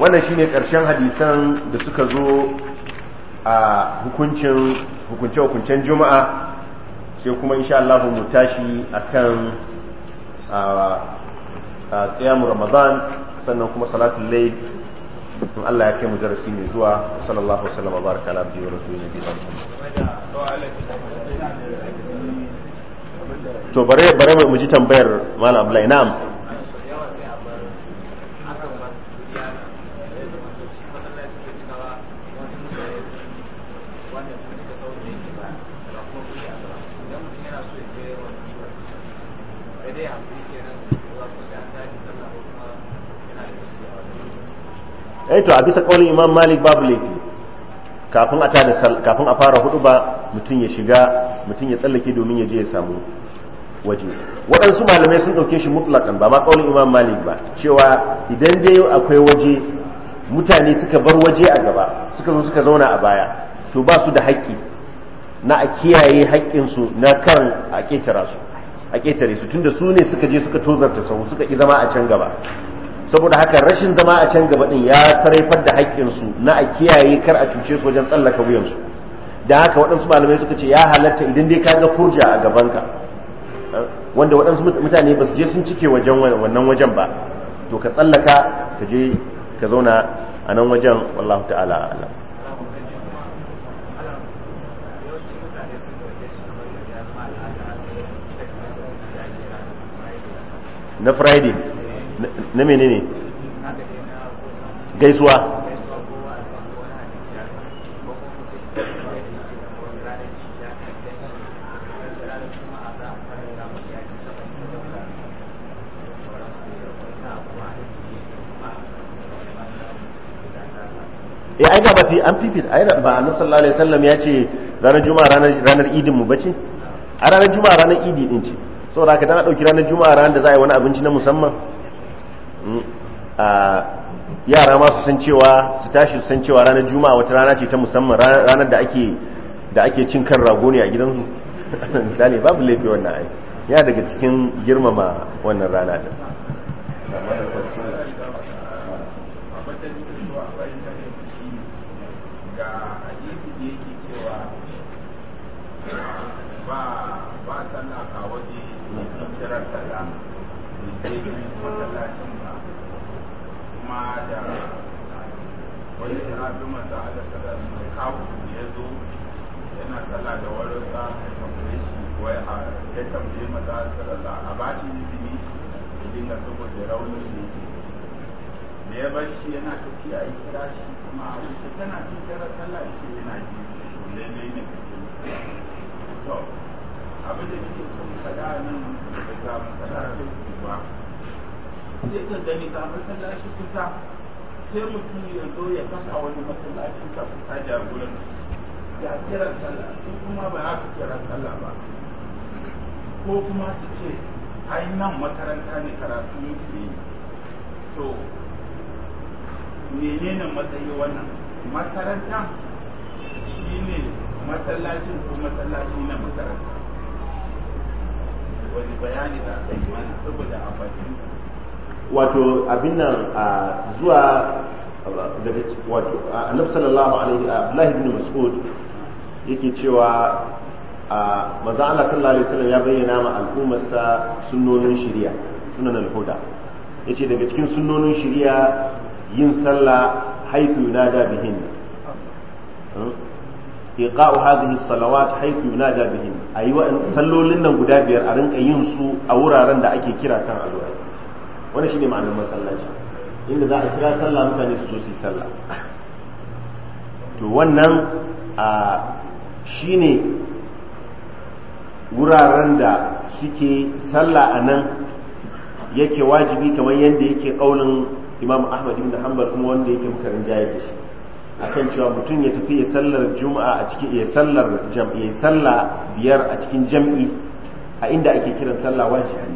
wannan shine karshen hadisan da suka zo a hukuncin hukunce-hukuncen juma'a sai kuma insha Allah mu tashi akan a qiyamu ramadan sannan kuma salatul lai in Allah ya kai mu darasi mai zuwa sallallahu alaihi wasallam baraka wa rasu wa rasulina bi to bare bare mu ji tambayar malam Abdullahi na'am eh to a bisa kaulin imam malik babu laifi kafin a fara hudu ba mutum ya shiga mutum ya tsallake domin ya je ya samu waje waɗansu malamai sun ɗauke shi mutlaƙan ba ma kaulin imam malik ba cewa idan dai akwai waje mutane suka bar waje a gaba suka zo suka zauna a baya to ba su da haƙƙi na a kiyaye haƙƙinsu na kan a ƙetara su a ƙetare su tunda su ne suka je suka tozarta sau suka ƙi zama a can gaba saboda haka rashin zama a can gaba ɗin ya saraifar da haƙƙinsu na a kiyaye kar a cuce su wajen tsallaka wuyansu da haka waɗansu malamai suka ce ya halarta idan dai ka ga kurja a gabanka wanda waɗansu mutane ba su je sun cike wajen wannan wajen ba to ka tsallaka ka je ka zauna a nan wajen wallahu ta'ala a'lam na friday na menene gaisuwa ya eh, aika ba fi an fifita ai ba annabi sallallahu alaihi wasallam ya ce ranar juma'a ranar idin mu bace a ranar juma'a ranar idi ce saboda haka tana ɗauki ranar juma'a ranar da za a yi wani abinci na musamman mm, yara ma su san cewa su tashi su san cewa ranar juma'a wata rana ce ta musamman ranar da ake da ake cin kan rago ne a gidansu misali babu laifi wannan ai ya daga cikin girmama wannan rana din ba ba sallah ka waje kujerar da da masallacin ba kuma da wani jiragen maza a da sallar mai kawo ya zo yana sallah da wani sa ya tambaye shi wai a ya tambaye maza sallallahu a bashi izini ya dinga saboda raunin shi da ya bar shi yana tafiya ya kira shi kuma a wuce tana cikin sallah shi yana ji to ne to abin da nake son faɗa nan daga matsala da kuwa sai ka gani ga masallaci kusa sai mutum ya zo ya saka wani masallacin sa kusa da gurin ga kiran sallah su kuma ba za su kira sallah ba ko kuma su ce ai nan makaranta ne karatu yake yi to menene matsayi wannan makaranta ne masallacin ko masallaci na makaranta wani bayani da aka yi mana saboda a wato abin nan zuwa daga wato annabi sallallahu alaihi alihi ibn mas'ud yake cewa manzo Allah sallallahu alaihi wasallam ya bayyana ma sa sunnonin shari'a sunan al-huda yace daga cikin sunnonin shari'a yin sallah haifu yunada bihin hmm? iqa'u hadhihi salawat haythu yunada bihim ayi wa sallolin nan guda biyar a rinka yin su a wuraren da ake kira kan alwala wannan shine ma'anar masallaci inda za a kira sallah mutane su zo su sallah to wannan a shine wuraren da suke sallah a nan yake wajibi kamar yadda yake kaulin imam ahmad ibn hanbal kuma wanda yake mukarin jayar da shi akan cewa mutum ya tafi ya sallar juma'a a cikin ya sallar jam'i sallah biyar a cikin jam'i a inda ake kiran sallah wajibi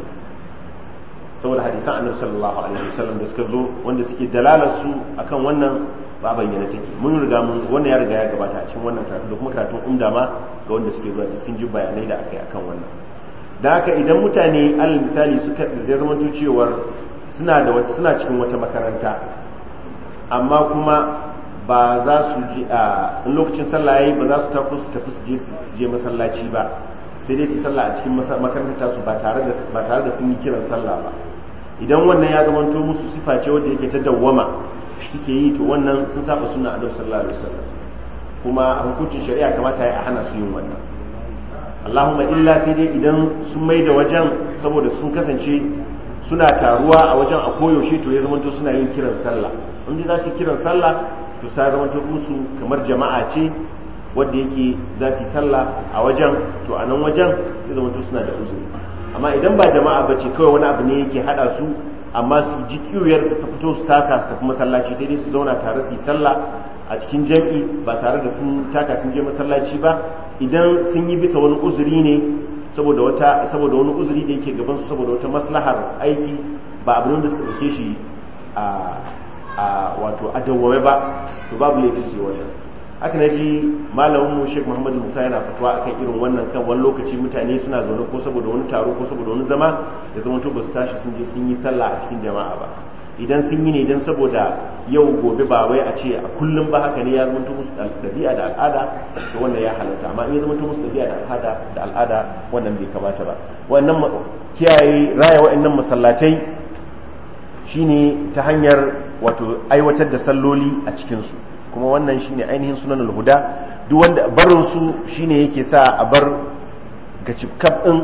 saboda hadisan annabi sallallahu alaihi wasallam da suka zo wanda suke dalalar su akan wannan ba bayyana take mun riga mun wannan ya riga ya gabata a cikin wannan karatu da kuma karatun umda ma ga wanda suke zuwa sun ji bayanai da akai akan wannan da haka idan mutane alal misali suka zai zama cewar suna da suna cikin wata makaranta amma kuma ba za su ji a lokacin sallah yayi ba za su tafi su tafi su je masallaci ba sai dai su sallah a cikin makarantar su ba tare da ba tare da sun yi kiran sallah ba idan wannan ya zamanto musu sifa ce wanda yake ta dawwama suke yi to wannan sun saba sunna annabi sallallahu alaihi wasallam kuma a hukuncin shari'a kamata ya hana su yin wannan Allahumma illa sai dai idan sun mai da wajen saboda sun kasance suna taruwa a wajen a koyaushe to ya zamanto suna yin kiran sallah in za su kiran sallah to ta zama ta musu kamar jama'a ce wadda yake za su sallah a wajen to a nan wajen ya zama ta suna da uzuri amma idan ba jama'a ba ce kawai wani abu ne yake haɗa su amma su ji kiyoyar su ta fito su taka su tafi masallaci sai dai su zauna tare su yi sallah a cikin jam'i ba tare da sun taka sun je masallaci ba idan sun yi bisa wani uzuri ne saboda wata saboda wani uzuri da yake gaban su saboda wata maslahar aiki ba abin da suka dauke shi a a wato adawwame ba to babu laifi su wannan haka na ji malamin mu Sheikh Muhammad Musa yana fatuwa akan irin wannan kan wani lokaci mutane suna zaune ko saboda wani taro ko saboda wani zama da zama to ba tashi sun je sun yi sallah a cikin jama'a ba idan sun yi ne dan saboda yau gobe ba wai a ce a kullum ba haka ne ya zama musu dabi'a da al'ada to wannan ya halatta amma in ya zama musu dabi'a da al'ada da al'ada wannan bai kamata ba wannan kiyaye raya wa'annan masallatai shine ta hanyar wato aiwatar da salloli a cikinsu kuma wannan shine ainihin sunan huda duk wanda barin su shine yake sa a bar ga cikab din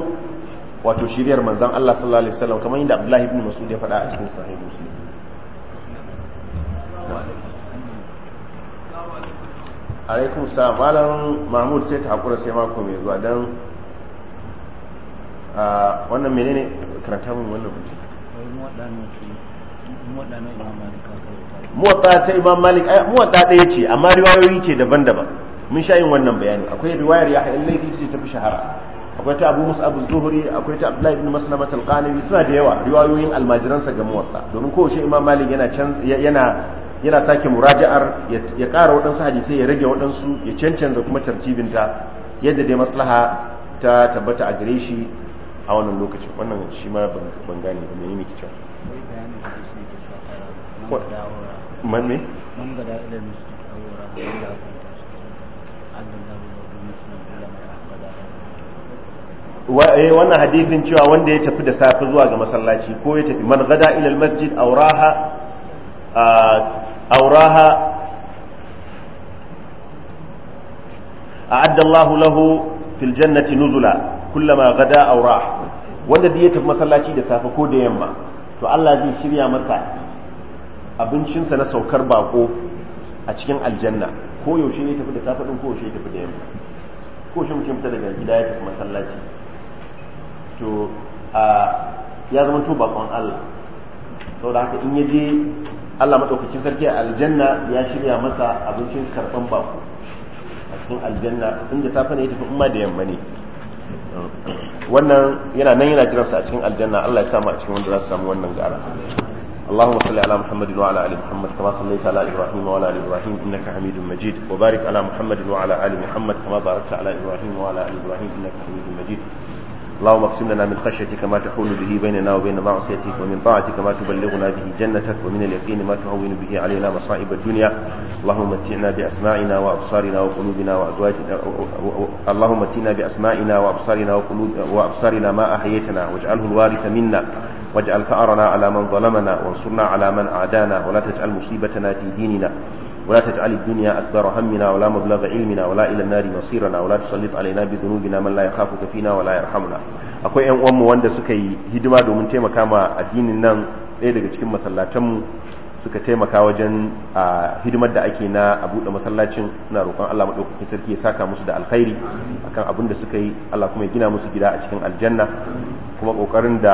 wato shiriyar manzon Allah sallallahu alaihi wasallam kamar inda Abdullahi ibn Mas'ud ya faɗa a cikin sahih Muslim alaikum salam malam Mahmud sai ta hakura sai mako mai zuwa dan ah, wannan menene karanta mun wannan bincike muwatta ta imam malik muwatta ɗaya ce amma riwayoyi ce daban-daban mun sha yin wannan bayani akwai riwayar ya haɗin laifi ce ta fi shahara akwai ta abu abu zuhri akwai ta abdullahi ibn maslama al suna da yawa riwayoyin almajiransa ga muwatta domin kowace imam malik yana yana yana sake muraja'ar ya kara waɗansu hadisai ya rage waɗansu ya cancanza kuma ta yadda dai maslaha ta tabbata a gare shi a wannan lokacin wannan shi ma ban gane ba menene kicin man ne wannan eh, hadithin cewa wanda ya tafi da safe zuwa ga masallaci ko ya tafi man gada ilal masjid auraha auraha أعد الله له في الجنة نزلا كلما غدا أو wanda da ya tafi masallaci da safe ko da yamma to Allah zai shirya masa abincinsa na saukar bako a cikin aljanna ko yaushe ya tafi da safe din ko yaushe ya tafi da yamma ko yaushe mutum fita daga gida ya tafi masallaci to a ya zama to bakon Allah saboda haka in ya je Allah madaukakin sarki a aljanna ya shirya masa abincin karban bako a cikin aljanna inda safe ne ya tafi in ma da yamma ne wannan yana nan yana jiransa a cikin aljanna Allah ya sa mu a cikin wanda za su samu wannan gara اللهم صل على محمد وعلى ال محمد كما صليت على ابراهيم وعلى ال ابراهيم انك حميد مجيد وبارك على محمد وعلى ال محمد كما باركت على ابراهيم وعلى ال ابراهيم انك حميد مجيد اللهم اقسم لنا من خشيتك ما تحول به بيننا وبين معصيتك ومن طاعتك ما تبلغنا به جنتك ومن اليقين ما تهون به علينا مصائب الدنيا اللهم متعنا بأسماعنا وأبصارنا وقلوبنا وأزواجنا اللهم متعنا بأسماعنا وأبصارنا وأبصارنا ما أحييتنا واجعله الوارث منا واجعل ثأرنا على من ظلمنا وانصرنا على من عادانا ولا تجعل مصيبتنا في ديننا ولا تجعل الدنيا أكبر همنا ولا مبلغ علمنا ولا إلى النار مصيرنا ولا تسلط علينا بذنوبنا من لا يخافك فينا ولا يرحمنا akwai ƴan uwanmu wanda suka yi hidima domin taimaka ma addinin nan ɗaya daga cikin masallatanmu suka taimaka wajen hidimar da ake na a buɗe masallacin na roƙon Allah maɗaukakin sarki ya saka musu da alkhairi akan abin da suka yi Allah kuma ya gina musu gida a cikin aljanna kuma ƙoƙarin da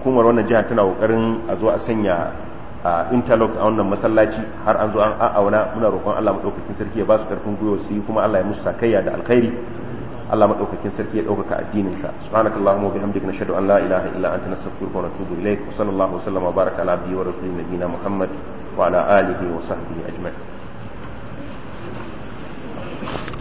hukumar wannan jihar tana ƙoƙarin a zo a sanya a interlock a wannan masallaci har an zo an a'auna muna roƙon Allah madaukakin sarki ya ba su karfin gwiwa su yi kuma Allah ya musu sakayya da alkhairi Allah madaukakin sarki ya ɗaukaka addinin sa subhanakallahumma wa bihamdika nashhadu an la ilaha illa anta nastaghfiruka wa natubu ilaik wa sallallahu wa sallama wa baraka ala abdihi wa rasulihi nabiyina muhammad wa ala alihi wa sahbihi ajma'in